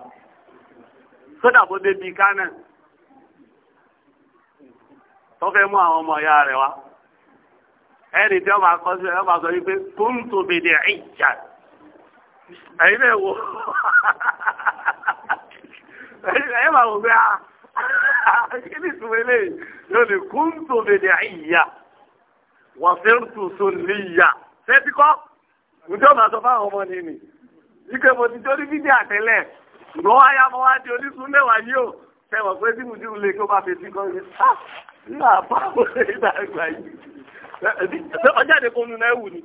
sódà bó débi kánẹ̀ tó fẹ́ mú àwọn ọmọ ìyá rẹ̀ wá ẹni tí wọn máa kọ sí ẹ máa sọ wípé kóńtò bèdè ìjà ẹyin náà wò ẹ máa wò pé ah, kíni ìtumọ̀ eléyìí yóò ní kóńtò bèdè ìyà wọ́n fi ń tù sùn níyà sẹ́tí kọ́ ǹjẹ́ wọn máa sọ fáwọn ọmọ nìyí ike mo ti torí fídíò àtẹlẹ ìgbọ́n wa ya mọ́ wá di onísun mẹ́wàá yìí ó sẹ́wọ̀n pé tí mo ti ń lè kí ó bá fi sí kọ́ ẹ̀ ṣáà ah, nígbà báwo lè dàgbà yìí ọjọ́ ìdíkùn nínú ẹ̀wù ni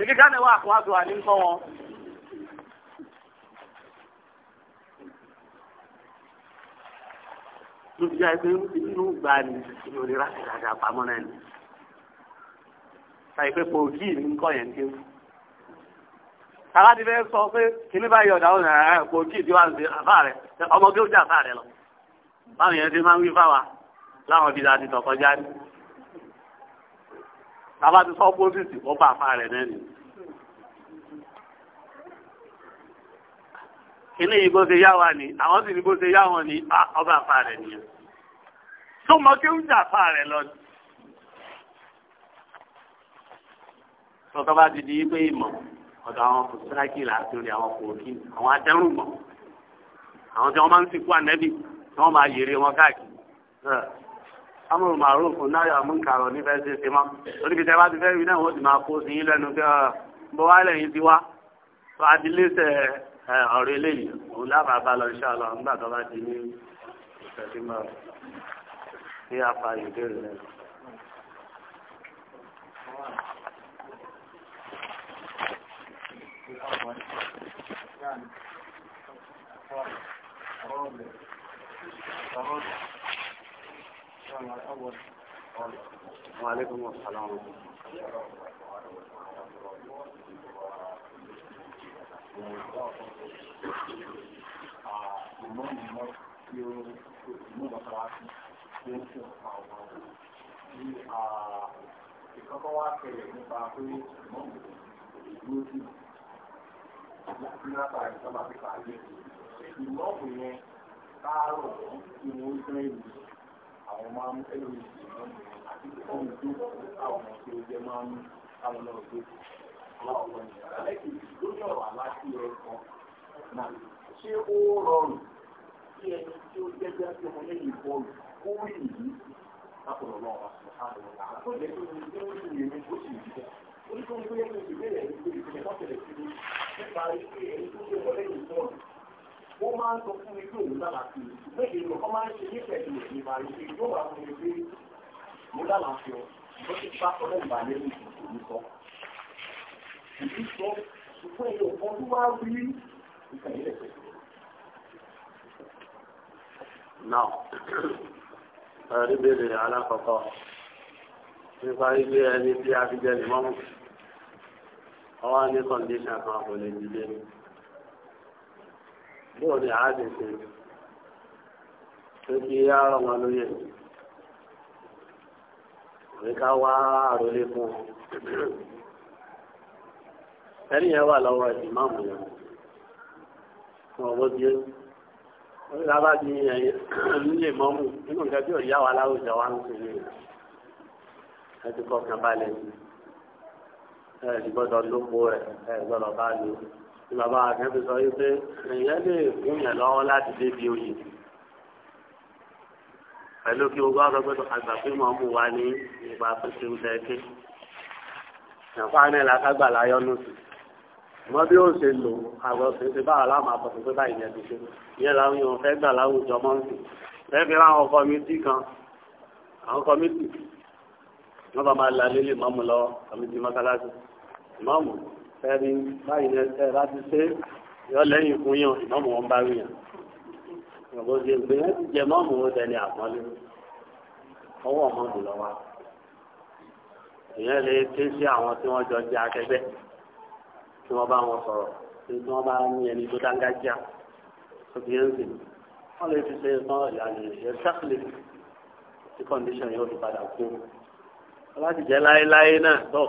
ìdí káàdì wà fún àtúwà ní nǹkan wọn. lóbi jáde pé inú gbà ní ìròlé láti dáadáa pamọ́ náà ni ṣàyẹ̀pẹ́ pò nǹkan yẹn ké wù. Tàbá sọ pé kí báyìí ọ̀dà ọ̀nà ẹ̀ pò kí ti wà ní ọmọ kí ó jà àfà rẹ̀ lọ. Báwo yẹn ti máa ń wí fáwa láwọn ibi láti tọ̀kọjá ní tàbá ti sọ pósìtì ó bá fa rẹ̀ náà ni. kíní yìí bó ṣe yá wa ni àwọn sì ní bó ṣe yá wọn ni ah, ó bá rẹ̀ nìyẹn. tó mọ kí ń jà fa rẹ̀ lọ. sọ̀tọ́ ti di pé ìmọ̀ ọ̀dọ̀ àwọn kòsíráàkì làásì orí àwọn kòókì àwọn adẹ́rùnmọ̀ àwọn tí wọ́n máa ń sìnkú ànẹ́bì tí wọ́n máa yèrè wọn káàkiri amúrù màrún fún náírà mú kàrọ̀ nífẹ̀ẹ́ sí sí mọ́ oníbi tẹ́ bá ti fẹ́ rí náà wọ́n ti máa kó sí yín lẹ́nu pé ah, bó wá lẹ́yìn ti wá adilẹ́sẹ̀ eh, ọ̀rọ̀ eléyìí òun lábàá bá Thank you. وعليكم السلام ìkọ́kọ́ wá kẹlẹ̀ nípa pé ìdúró sí látà ìjọba pípa ayé ìmọ̀ọ̀kù yẹn káàárọ̀ tí wọ́n ń tẹ́lẹ̀ àwọn máa ń ẹlò ìṣẹ̀lẹ̀ àti ohun tó àwọn tí ó jẹ́ máa ń káwọn náà gbé láwọn ìṣẹ̀lẹ̀ lórí ọ̀rọ̀ aláṣẹ ẹ̀kan náà ṣé ó rọrùn kí ẹni tí ó jẹ́ jẹ́ sí ọmọ lẹ́yìn bọ́ọ̀lù kó rí ìlú lápọ̀lọ̀ náà wá sí àwọn ọ̀gá tó lè tó ní tí ó rí ìlú tó sì rí bẹ́ẹ̀ oníkóńgbé ẹni tó ti bẹ̀rẹ̀ ní pé ìṣẹ̀lẹ̀ wọ́n máa ń sọ fún mi pé òun dára sí i méje ló kọ́ máa ń ṣe ní pẹ̀lú òní máa yóò wá fún mi pé mo dára sí ọ mo ti bá ọlọ́run bá lẹ́nu ìlú sọ. ìlú sọ ṣùgbọ́n èyí ọ̀kan tó wá rí ìkànnì rẹ̀ pẹ̀lú. Now, bèrè alákọ̀ọ́kọ́ nípa ilé ẹni tí a fi jẹ́ ìmọ̀mù. Ọwọ́ ní kọ̀ǹdíṣàn kan kò lè dìde bóò ni àádé ṣe tó kí yá ọ̀rọ̀ wọn lóye òní ká wá àròlé fún ẹni yẹn wà lọ́wọ́ ìmáàmù yẹn wọn bó di wọn lábá di ẹ̀yìn nílé mọ́mù nínú nǹkan tí ò yá wa láwùjọ wa ń sè ní ẹ ti kọ́ kan balẹ̀ ẹ ti gbọ́dọ̀ lóko rẹ̀ ẹ gbọ́dọ̀ bá lò tí bàbá àgbẹ̀ fi sọ yìí pé èèyàn lè fún yàn lọ́wọ́ láti débi oyè pẹ̀lú kí gbogbo àgbẹ̀gbẹ̀ àgbà pé mo mú wa ní ìgbà tó ti ń tẹ́kẹ́ nàfà náà làkàgbà láyọ́nù sí mọ bí ó ṣe lò àwọn ṣèṣe báwa láwọn àpọ̀tò pé báyìí yẹn ti ṣe ìyẹn làwọn èèyàn fẹ́ gbà láwùjọ mọ́ ń sìn lẹ́ẹ̀fi láwọn kọ́mítì kan àwọn kọ́mítì wọ́n bá máa la lílì mọ́mù lọ́wọ́ kọ́mítì mọ́sálásí mọ́mù ẹ̀rí báyìí ẹ̀ láti ṣe yọ lẹ́yìn fún yàn ìmọ̀mù wọn bá rí yàn ìgbàgbọ́ ṣe pé jẹ mọ́mù wọn tẹ̀lé àpọ́nlé ọwọ́ mọ́mù lọ́wọ́ èèyàn lè ké sí àwọn tí wọ́n jọ jẹ akẹgbẹ́ tí wọ́n bá wọn sọ̀rọ̀ tí wọ́n bá ní ẹni tó dángájá obìyẹ́nsì wọ́n lè fi ṣe tán ìyàlè ìṣe sáfìlì tí kọ́ndíṣàn yóò fi padà kú. aláṣìjẹ́ láéláé náà tọ́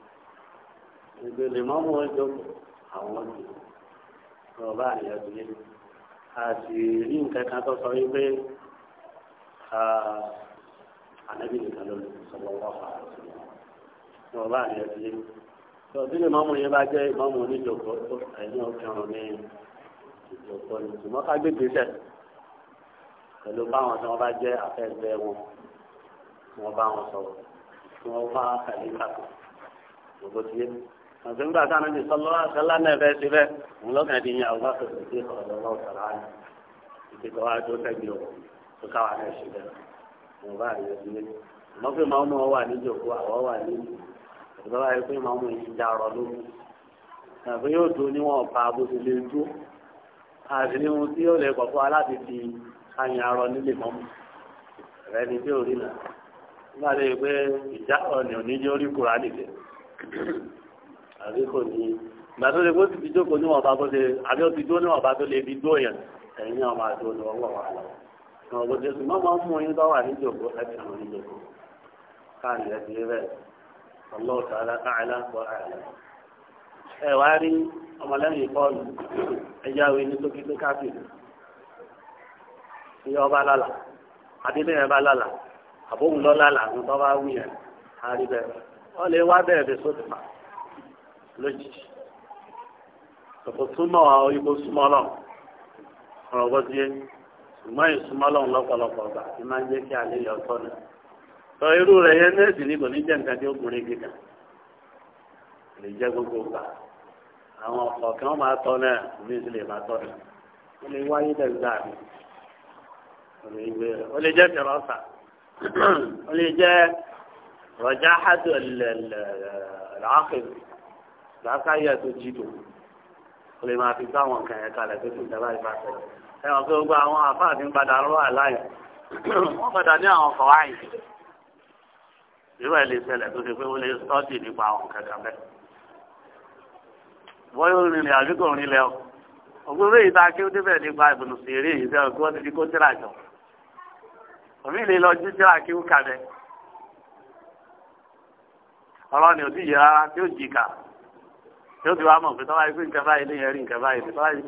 ìgbè lè mọ́ mọ́ ìjókòó àwọn ọ̀dùn ọ̀rọ̀ bá àyà dúlé a sì rí nǹkan kan tó sọ wípé ànábì nìkan ló sọ̀rọ̀ wọ́n fà ọ̀rọ̀ bá àyà dúlé tọ́sí lè mọ́mú yẹn bá jẹ́ ìmọ̀mú oníjókòó tó ẹ̀yìn ọ̀kẹ́rùn ní ìjókòó ní ṣùgbọ́n ká gbé gbèsè pẹ̀lú báwọn tí wọ́n bá jẹ́ afẹ́fẹ́ wọn wọ́n bá wọn sọ̀rọ̀ tí wọ́n bá kàlíkà gbogbo ti yé mi àti nígbà tí anábì sọlọ́ àṣálá náà fẹ́ ṣe bẹ́ẹ̀ òun lọ́kàn àwọn bá fẹ̀sẹ̀ sí ọ̀dọ́lọ́ ọ̀sàrà ni ìdí tó wá tó tẹ́gbì ọ̀ tó káwa náà ṣe bẹ́ẹ̀ mo bá yẹ sí ilé mọ́ pé màá mú ọ wà níjòkó àwọ̀ wà nínú ìgbà wáyé pé màá mú ìyìn dàrọ̀ lómi tàbí yóò tó níwọ̀n pa bó ti lè dúró àti ní ohun tí yóò lè kọ̀ fún aláti àbí kò ní ìgbà tó lè kó sì ti jókòó níwọ̀n bá tó lè àbí ó ti dó níwọ̀n bá tó lè fi dó yẹn ẹ̀yin náà máa dó ní ọwọ́ wa lọ. àwọn òbòdì oṣù mọ́ máa ń mú yín lọ́wọ́ àníjòkó ẹ̀sìn àwọn oníjòkó káàdì ẹ̀ ti rí bẹ́ẹ̀ ọlọ́wọ́ tààlà káàlà kọ́ àlẹ́. ẹ wá rí ọmọlẹ́yìn pọ́ọ̀lù ẹja wo ní tókí tó káfíìn ní ọba lálà adílé bá lálà àbóhùn lọ́ lálà ní tọ́ wù yẹn á ọ lè wá bẹ́ẹ̀ bí sódìmọ̀ lójijì kò súnmọ́ àwọn ibo súnmọ́ lọ ọ̀rọ̀ bọ́sí yé ṣùgbọ́n ìsúnmọ́ lọ lọ́pọ̀lọpọ̀ ọgbà tí máa ń jẹ́ kí alẹ́ yọ ọtọ́ náà sọ irú rẹ̀ yẹn nẹ́ẹ̀sì ní kò ní jẹ́ nǹkan tí ó kùnrin gíga lè jẹ́ gbogbo ọgbà àwọn ọkọ̀ kí máa tọ́ náà omi sì lè máa tọ́ náà ó lè wáyé dẹ́gbà mi ó lè jẹ́ tẹ̀rọ ó lè jẹ́ rọ̀já hádùn làákàyè tó jí tó o lè máa fi gbá àwọn nǹkan yẹn kalẹ̀ tó ti dẹ́gbà ìbá tẹ̀lé ẹ̀wọ̀n pé gbogbo àwọn àfáà ti ń padà rọ́ àláyé wọ́n padà ní àwọn ọkọ̀ wáyé irú lè ṣẹlẹ̀ tó ṣe pé ó lè sọ́ọ̀tì nípa àwọn kankan bẹ́ẹ̀ bọ́yọ̀ rìnrìn àdúgbò rìnlẹ̀ o ògùn rẹ̀ ìta kí ó débẹ̀ nípa ìbùnú eré yìí sẹ́wọ̀n kí wọ́n ti di kó tíra jọ òmí lè lọ jí tíra kí ó kalẹ̀ ọ̀rọ̀ ò tí ó ti mọ̀ pé tọ́wá yìí pé nǹkan báyìí ní ẹ̀rí nǹkan báyìí ní yìí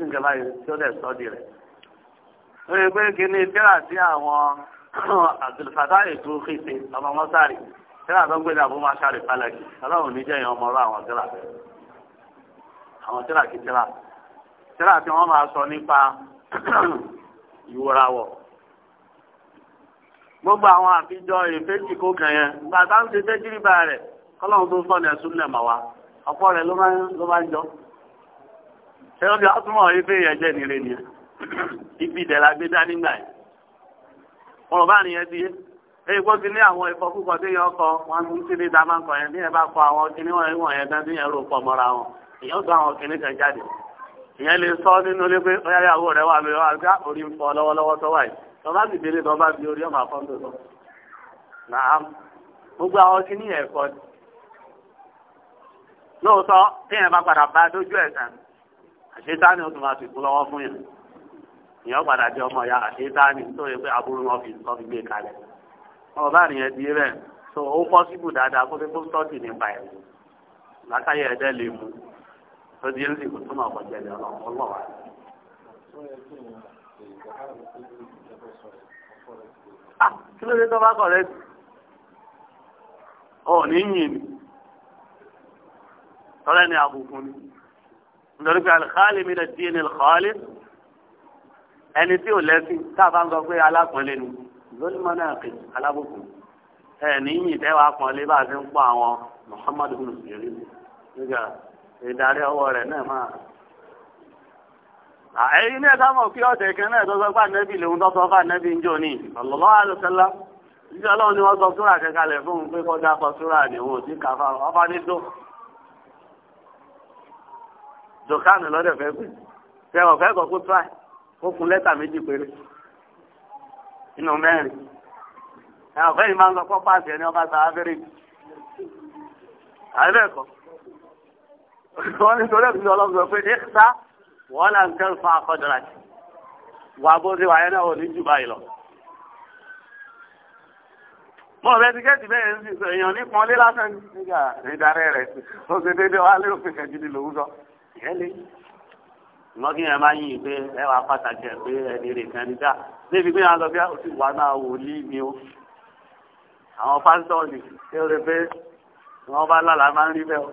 tí ó dẹ̀ sọ́ọ̀dì rẹ̀. ó yẹ pé kí tíra tí àwọn àtìlùfàtà ètò fèsì ọmọ wọn sáré tíra tó ń gbé dàbó máa sáré pàlàkì ọlọ́run ní jẹ́yìn ọmọ ọlọ́ àwọn tíra àwọn tíra kì tíra tíra tí wọ́n máa sọ nípa ìwòrawọ̀ gbogbo àwọn àfijọ́ ìfẹ́jì kó kàn gbàtà ń ṣe fẹ́jì ọ̀pọ̀ rẹ̀ ló máa ń jọ ṣẹ́yọ́ bí átúmọ̀ rí pé ẹ̀jẹ̀ nìre ni ibi ìdẹ̀lá gbé dá nígbà yìí ọ̀rọ̀ bá nìyẹn ti yé èyí kó ti ní àwọn ìfọ púpọ̀ tó yẹ ọkọ wọn ń ti ní dáná kan yẹn bí ẹ bá kọ àwọn kinní wọn ìwọ̀n yẹn tán tí yẹn rò pọ̀ mọ́ra wọn èyàn tó àwọn kinní kan jáde ìyẹn lè sọ nínú ilé pé ọyá ìyàwó rẹ wà lóyún àti orí ń fọ lọ́wọ́lọ́wọ́ tó wáyé tó bá sì délé tó bá di orí ọmọ àfọ́ńtò tó. gbogbo àwọn kinní yẹn kọ́ ni lóòótọ́ téèyàn bá padà bá dójú ẹ̀sán àṣetáni ó máa fi kú lọ́wọ́ fún yàn èèyàn padà jẹ ọmọ ya àṣetáni tó yẹ pé aburú wọn fi kọ́ fi gbé kalẹ̀ ọba nìyẹn di rẹ̀ so ó kọ́ síbù dáadáa kó tó kó tọ́tì nípa ẹ̀ lákàyè ẹ̀dẹ́ lè mú tó di ẹ̀sìn kò túnmọ̀ ọ̀pọ̀ jẹ̀lẹ̀ ọlọ́wà. Ah, kí ló dé tó bá kọ̀ rẹ́ ọ̀ ní yìn tọ́lá ni àbùkù ni nítorí pé alìkálì mi lè dín ní ìkọ́lé ẹni tí ò lẹ́sìn tá a bá ń sọ pé alápọ̀nlé ni lórí mọ́nà àpè alábùkù ẹ̀ níyìn tẹ́wàá pọ̀nlé bá a ti ń pọ̀ àwọn muhammadu bin sèré nígbà ìdarí ọwọ́ rẹ̀ náà máa àyí ní ẹ̀ká mọ̀ kí ọ̀tẹ̀ kan náà tó sọ fà nẹ́bí lòun tó sọ fà nẹ́bí ń jò ní ọ̀lọ́lọ́ àlùsẹ́lá ìjọ ọlọ́run ni wọ́n sọ súrà kẹkalẹ̀ fún un pé kọjá kọ súrà ni òun ò sí kàfà ọba ní tó dọ̀kánù lọ́dẹ̀ fẹ́ pé ṣe ọ̀fẹ́ kọ̀ kó tó àì ó kun lẹ́tà méjì péré inú mẹ́rin ẹ ọ̀fẹ́ yìí máa ń lọ kọ́ páàsì ẹni ọba sàá fẹ́rẹ̀ jù àìbẹ̀kọ́ wọ́n ní torí ẹ̀sìn ọlọ́gbọ̀n pé ní sá wọ́n là ń kẹ́ fún akọ́jọ́ra jù wà bó ṣe wà yẹn náà ò ní jù báyìí lọ. mo rẹ ti kẹ́ẹ̀tì bẹ́ẹ̀ ń sìn sọ èèyàn ní pọ́nlé lásán nígbà nídarẹ́ rẹ̀ ó ṣe déédéé wá lérò pé kẹ́ẹ̀jì ni lòún sọ yẹn lé ṣùgbọ́n kí yẹn máa yìn pé ẹ wà pàtàkì ẹ pé ẹni rè kan ní dá débi pé yẹn lọ bí ó ti wà náà wòlíì mi o àwọn pásítọ̀ ni ṣé o pé wọ́n bá lálàá máa ń rí bẹ́ẹ̀ o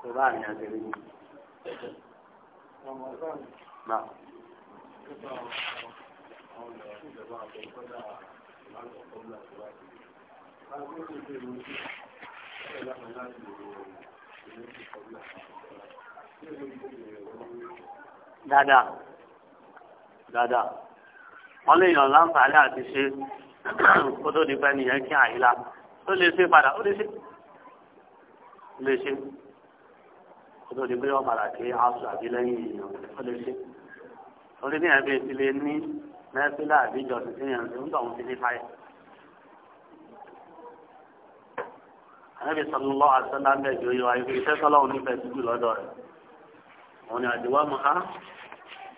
tó bá àmì àti rí mi dáadáa dáadáa wọ́n lè yàn láǹfààní àti ṣe kó tó di pẹ́ nìyẹn kí àyílá ó lè ṣe padà ó lè ṣe ó lè ṣe kó tó di pé wọ́n padà kí aṣọ àbí lẹ́yìn èèyàn ó lè ṣe orí ní ẹ̀bí ti lè ní mẹ́fílà àbíjọ tuntun yẹn ń tọ̀hún ti ní fáyà. àyẹ̀bí sọ̀rọ̀ lọ́wọ́ àti sọ́dá ń bẹ̀ jù yọ àyẹ̀bí iṣẹ́ sọ́lọ́wọ́ nífẹ̀ẹ́ sí jù lọ́dọ̀ rẹ̀ òun ni àdìwá mọ á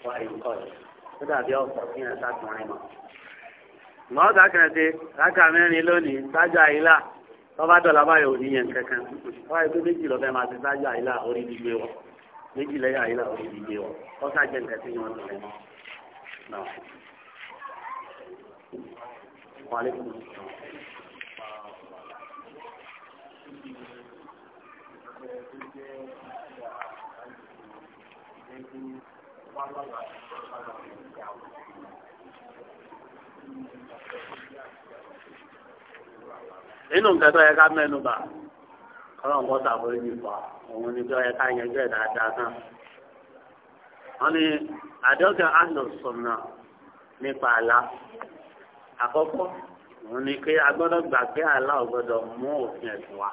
wà ìkọ yìí ó dàbí ọkọ kí ẹ sàkùnrin mọ. ìmọ̀ ọ̀gá kan ṣe rákà mẹ́rin lónìí sájú àyílà tọ́ba dọ̀là báyìí ò ní yẹn kankan wáyé pé méjì lọ́fẹ́ máa ti sájú àyílà orí gbígbé wọ̀ méjì lẹ́yìn àyílà orí gbígbé wọ̀ ọ̀sà jẹ́ nǹkan tí lọ́rẹ́ mọ́. Thank you nínú nǹkan tó yẹ ká mẹ́nu bà ọlọ́run kọ́ sàbórí ní ìfọ̀ òun ni tó yẹ ká yẹn jẹ́ dáadáa náà wọ́n ní àdọ́gà àlọ́sọ̀nà nípa àlá àkọ́kọ́ òun ni pé a gbà pé àlá ò gbọ́dọ̀ mú òfin ẹ̀sìn wa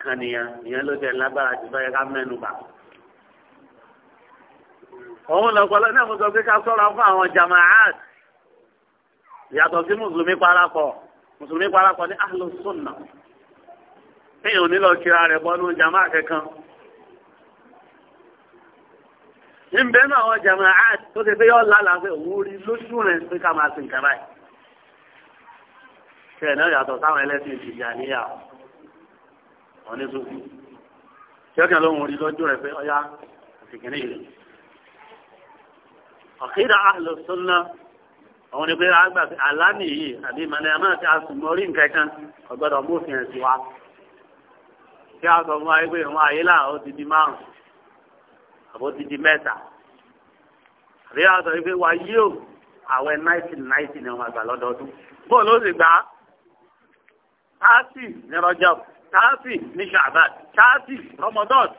kan nìyẹn ìyẹn ló jẹ lágbára jù báyẹn ká mẹ́nu bà. òun lọ́pọ̀lọ́ náà mo sọ pé ká sọ́ra fún àwọn jamaat yàtọ̀ sí mùsùlùmí parapọ̀ mùsùlùmí parapọ̀ ní ahlu sunna èèyàn ò ní lọ kíra rẹ̀ bọ́nú jamaat kankan. ìbẹ́ náà àwọn jamaat tó ti pé yọ lálàáfẹ́ òun rí lójú rẹ̀ pé ká máa sin kàrá ẹ̀. náà yàtọ̀ sáwọn ẹlẹ́sìn ìjìyà níyàwó wọn ní sùfì tí ọkàn ló ń rí lọ́jọ́ rẹ̀ pé ọyá òsìkìní yìí ọ̀kìdá àlò sọ́nà àwọn ìpè àgbà àlánì yìí àbí ìmọ̀lẹ́ àmọ́ àti àsùnmọ́rí nǹkan kan ọ̀gbọ́dọ̀ mọ́fin ẹ̀sìn wa kí a sọ fún wa pé ìwọ̀n àyè ó ti di márùn àbó ti di mẹ́ta àbí a sọ pé wa yóò àwẹ̀ náìtì ni wọ́n gbà lọ́dọọdún bóòlù ó sì gbà á sì ní tààfì ní ṣàbàt tààfì rọmọdọ́t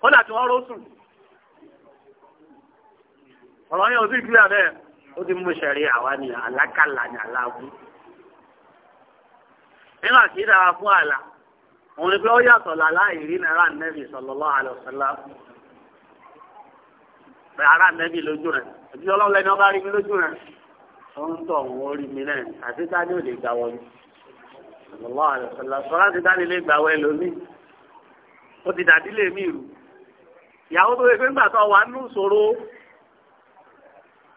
kódà tí wọ́n ró sùn ọ̀rọ̀ yẹn ò sí ìdílé abẹ́ ó ti mú ṣẹ̀rí àwa ni àlákàlà ni aláàbù nínú àkíyèsí ara fún àlà òun ni pé ó yàtọ̀ làlá ìrí náírà nẹ́bì sallallahu alaihi wasallam ara nẹ́bì lójú rẹ̀ ojú ọlọ́run lẹ́ni ọba rí mi lójú rẹ̀ ó ń tọ̀ òun rí mi náà àti tájú ò lè gbà wọ́n sallallahu alaihi wasallam sọlá ti dáni lé gbàwé lómi ó ti dàdí lè mí rù ìyàwó tó yẹ pé nígbà tó wà nínú ìṣòro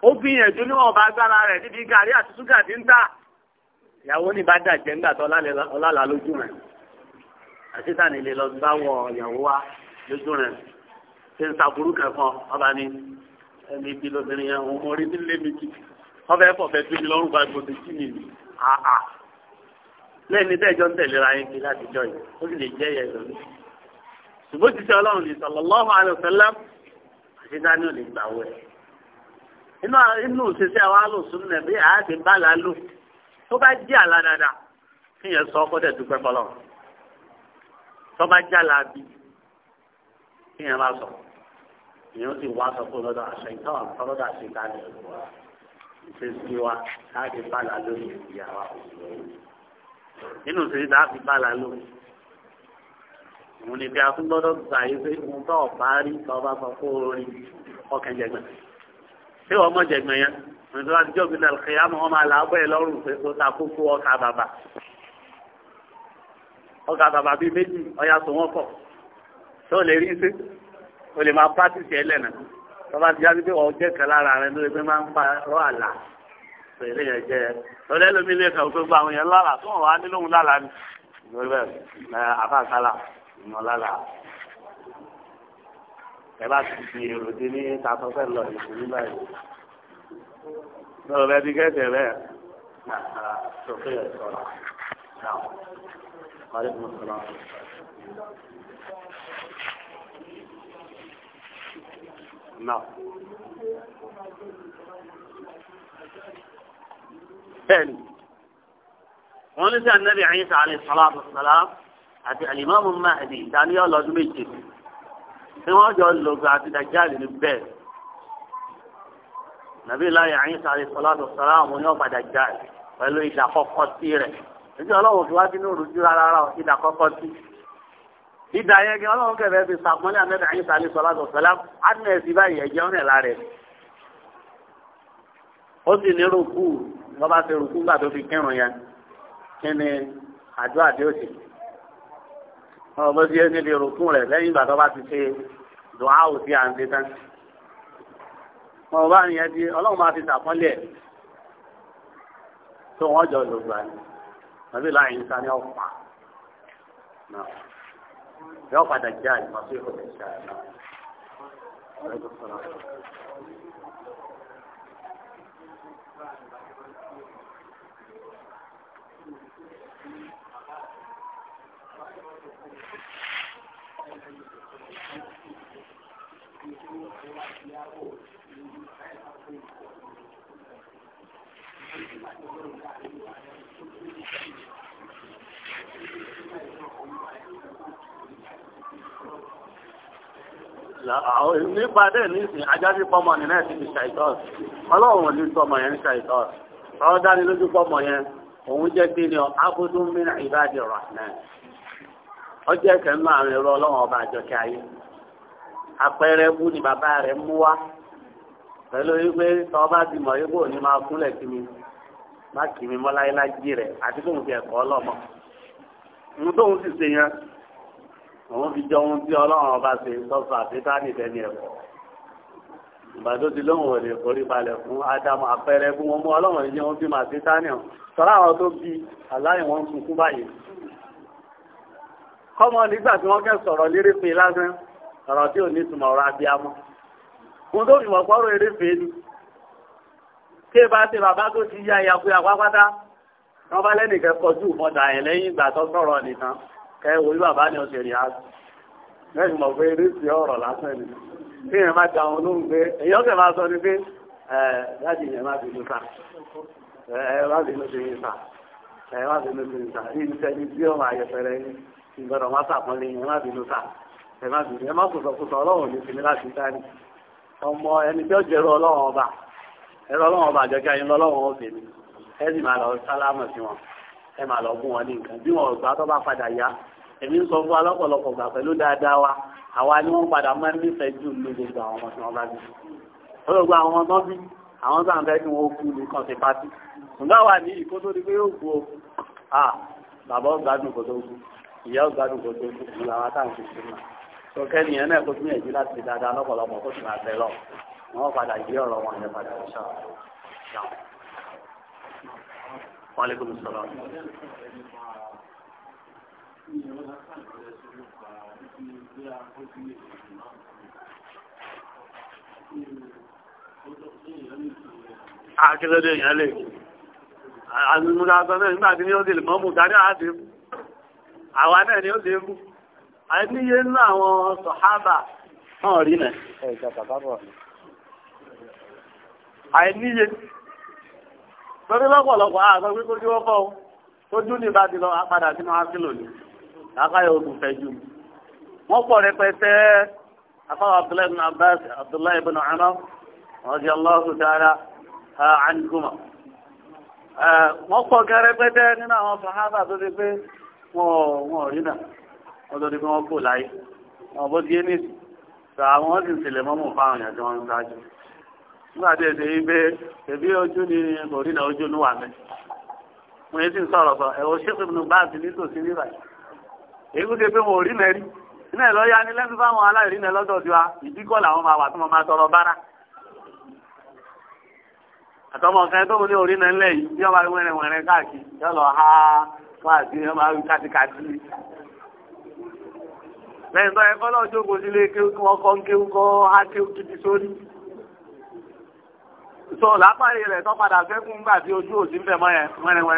ó gbìyànjú ní ọba agbára rẹ̀ níbi gàrí àti ṣúgà tí ń tà ìyàwó ní bá dàjẹ́ nígbà tó ọlálà lójú rẹ̀ àti tani lè lọ bá wọ ìyàwó wa lójú rẹ̀ ṣe ń sàbúrú kẹfọn ọba ni ẹni ibi lóbìnrin yẹn òun orí nílé mi kì ọbẹ̀ ẹ̀fọ́ fẹ́ tóbi lọ́rùn bá gbòdì sí mi àà lẹ́ni tẹ́jọ́ ń tẹ̀lé ra yín kí láti jọ yìí ó sì lè jẹ́ ẹ̀yẹ lórí. ṣùgbọ́n ti ṣe ọlọ́run lè sallallahu alaihi wasallam àti daniel lè gbà wẹ̀. inú inú òṣìṣẹ́ wa lò sún nẹ̀ bí àá ti bá la lò tó bá jẹ́ àlá dáadáa kí yẹn sọ ọkọ dẹ̀ dúpẹ́ fọlọ́ tó bá jẹ́ àlá bí kí yẹn má sọ ìyẹn ó sì wá sọ fún lọ́dọ̀ àṣẹ ìtọ́ àtọ́lọ́dọ̀ àṣẹ ìtàn nínú ìṣèlú tá a fi bàlá lò òun ni bí a tún gbọ́dọ̀ gbà yí pé òun tó ọ̀pá rí ọba kan kó orí ọkàn jẹgbẹ̀ ṣé wọ́n mọ̀ jẹgbẹ̀ yẹn òun tó bá ti jọ́bi náà kẹ́yà mọ́ wọn máa là á bọ́ ẹ lọ́rùn pé kó ta kókó ọkà bàbà ọkà bàbà bíi méjì ọyà tó wọ́n pọ̀ tó lè rí sí o lè máa pátìsì ẹlẹ́nà tó bá ti jáde pé ọjọ́ kan lára rẹ ló lè fẹ́ máa ń pa rọ́ àlà pèlè yẹn jẹ lọ́dẹ lómi ilé kan gbogbo àwọn yẹn lára tó wọn wá nínú òun lára ni lórí ẹ afáàkálà ìmọ̀ lára ẹ bá ti fi èrò dín ní tasọ́fẹ́ lọ ìṣòro báyìí lọ́dọ̀ bẹ́ẹ̀ ti kẹ́sẹ̀ rẹ̀ sọ́fẹ́ yẹn sọ̀rọ̀ náà wàlẹ́ fún ọ̀sán No bẹ́ẹ̀ni wọ́n ní sí anabi ayisa alayhi salatu salam àti alimami mahdi ìdáni yọ lọ́dún méje tí wọ́n jọ lògùn àti dajali ní bẹ́ẹ̀ nàbí láyé ayisa alayhi salatu salam àwọn yóò padà jáde pẹ̀lú ìdá kọ́kọ́ sí rẹ̀ èyí ọlọ́wọ́ fi wá sí ní òrùjú rárá ìdá kọ́kọ́ sí ìdá yẹn gan ọlọ́run kẹfẹ́ fi sàpọ́nlé àmẹ́ta ayé sàlẹ̀ sọ́lá sọ́lá adìmẹ̀sì báyìí ẹ̀jẹ̀ ọ̀nà wọ́n bá ṣe rúkú gbà tó fi kírun yẹn kí ni àdúrà tí ó sì ọ̀rọ̀ bó ti yé níbi rúkú rẹ̀ lẹ́yìn ìgbà tó bá ti ṣe dùn áwò sí à ń ṣe tán wọn bá yẹn di ọlọ́run máa fi sàpọ́nlẹ̀ ẹ̀ tó wọ́n jọ lògbà ni nàbí láàyè ń sáré ọ̀pá náà yọ padà jẹ́ àyè máa fi nípa dẹ̀ nísìn ajájú pọ́mọ ní náà ti fi ṣàìtọ́s ọlọ́run ní tọmọ yẹn ṣàìtọ́s ọ̀rọ̀ dání yẹn òun jẹ́ kí ni abudu min ẹ̀rọ ọlọ́run ọba ayé àpẹẹrẹ bú ni bàbá rẹ̀ mú wá pẹ̀lú wípé tọ́ bá ti mọ̀ máa kúnlẹ̀ mi má kì mí mọ́ láyé rẹ̀ àti àwọn fi jọ ohun tí ọlọ́run ọba ṣe sọ́fà àfitánì tẹ́ni ẹ̀kọ́ ìbàdó ti lóhùn òde forí balẹ̀ fún ádámù àpẹẹrẹ fún wọn mú ọlọ́run ìjẹ́ wọn bí màá sí tánìọ̀ sọ́rọ́ àwọn tó bí aláì wọn sunkún báyìí kọ́mọ nígbà tí wọ́n kẹ́ sọ̀rọ̀ lérí pé lásán ọ̀rọ̀ tí ò ní túmọ̀ ọ̀rọ̀ abiyamọ mo tó fìmọ̀ pọ́rọ̀ eré pé ni ké bá ṣe bàbá tó ti yá ìyàkuyà pápátá wọn bá lẹ́nìkan kọjú ìmọ̀dà ẹ̀ lẹ́yìn ìgbà tó sọ̀rọ̀ nìkan kẹ wo bàbá ni ó ṣe rí á lẹ́yìn mọ̀ pé rísì ọ̀rọ̀ lásán ni bí yẹn má da òun lóhùn pé èyí ọ̀sẹ̀ máa sọ ni pé ẹ láti yẹn má bínú sá ẹ má bínú sí yín sá ẹ má bínú sí yín sá yìí ń tí ọmọ ayẹpẹrẹ yín ìgbọ́dọ̀ má sàpọ́nlé ẹ má bínú sá ẹ má bínú ẹ má kùsọ̀kùsọ̀ ọlọ́run ní sinmi láti dání ọmọ ẹni tí ó jẹrọ ọlọ́run ọba ẹrọ ọlọ́run ọba àjọkẹ́ ayé lọ́lọ́run ẹ sì lọ gún wọn ní nǹkan bí wọn ò gbà tó bá padà yá èmi ń sọ fún wa lọ́pọ̀lọpọ̀ gbà pẹ̀lú dáadáa wa àwa ni wọ́n padà máa ń nífẹ̀ẹ́ jù ní gbogbo àwọn ọmọ tí wọ́n bá bí olùgbò àwọn ọmọ bí àwọn tó ń fẹ́ kí wọ́n kú ní kan ti pátí ṣùgbọ́n wà ní ìkó tó di pé yóò kú o à bàbá ọgbàdùn kò tó kú ìyá ọgbàdùn kò tó kú ní làwọn táwọn ti ṣe náà tó kẹ́ni ẹ̀ náà kó tún yẹ̀jú láti fi dáadáa lọ́pọ̀lọpọ̀ kó sì máa fẹ́ lọ Akílọ́dé ah, dị lè. Ah, Àzùmúlá sọ náà nígbà tí ní ó dìlè mọ́mù tàbí àti mú. Àwa náà ni ó lè mú. Àìníye nínú àwọn sọ̀hábà náà rí nẹ̀. Àìníye. Torí lọ́pọ̀lọpọ̀ àgbà pé kó jí wọ́pọ̀ ó kákáyọ̀ ó tún fẹ́ jù wọ́n pọ̀ rẹpẹtẹ afáwọn abdullahi ibn abbas abdullahi ibn umar radiyallahu ta'ala anhuma wọ́n pọ̀ gẹ́rẹ́pẹ́tẹ́ nínú àwọn sàhábà tó ti pé wọ́n rí náà wọ́n tó ti pé wọ́n kò láyé wọ́n bó ti yé ní ìsìn sọ àwọn fáwọn ṣáájú nígbà tí yìí pé èbí ojú ni kò rí ojú sọ̀rọ̀ sọ èyí ṣe pé wọn ò rí mẹ́rí iná ẹ̀ lọ́ọ́ yani lẹ́nu fáwọn aláìrí náà lọ́dọ̀ ti wa ìdíkọ́ làwọn máa wà tó máa tọrọ bára. àtọmọ kan tó ní orí náà ńlẹ̀ yìí máa káàkiri lọ ha káàkiri yóò máa wí kátikáti. lẹ́yìn tó yẹ kọ́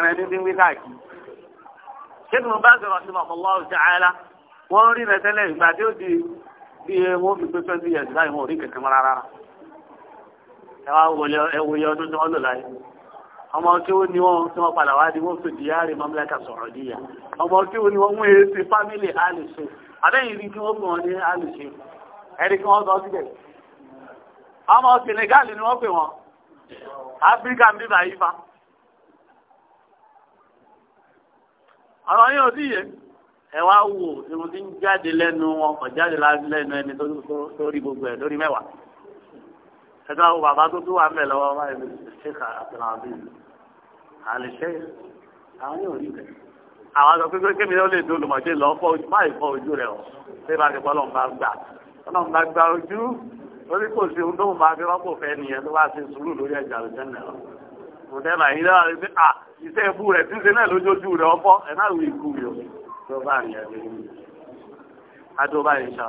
sílé ń ibùdó bá sọ̀rọ̀ sí ọ̀pọ̀lọ́ ọ̀jáàlá wọ́n rí rẹ̀ tẹ́lẹ̀ ìgbà tí ó di bí wọ́n fi pé twenty years báyìí wọn ò rí kankan mọ́ rárá ẹ wá wọlé ọdún tí wọ́n lò láyé wọn tí wọ́n padà di wọ́n di àwọn yóò sì yẹ ẹ wá wò irun tí ń jáde lẹ́nu wọn kàn jáde lẹ́nu ẹni tó rí gbogbo ẹ̀ lórí mẹ́wàá ẹ̀dá wo bàbá tó tó wà ń bẹ̀ lọ́wọ́ báyìí ló ṣe kà àtàlà àbí àlìṣe àwọn yóò rí bẹ̀. àwọn àgbà pípé kémi ó lè do olùmọ̀jẹ́ lọ fọ ojú báyìí fọ ojú rẹ̀ ọ́ ṣé bá ti kọ́ lọ́n bá gbà lọ́n bá gba ojú orí kò sí ohun tó ń bá fi rọ́pò fẹ́ nìyẹn tó bá ti sùúrù lórí ẹ̀jà lójẹ́ náà kò dẹ́ màá yín lọ́wọ́ pé à iṣẹ́ ikú rẹ̀ tí ń ṣe náà lójoojú rẹ̀ ọ̀pọ̀ ẹ̀ náà ikú yìí o tó bá yẹn lé adó báyìí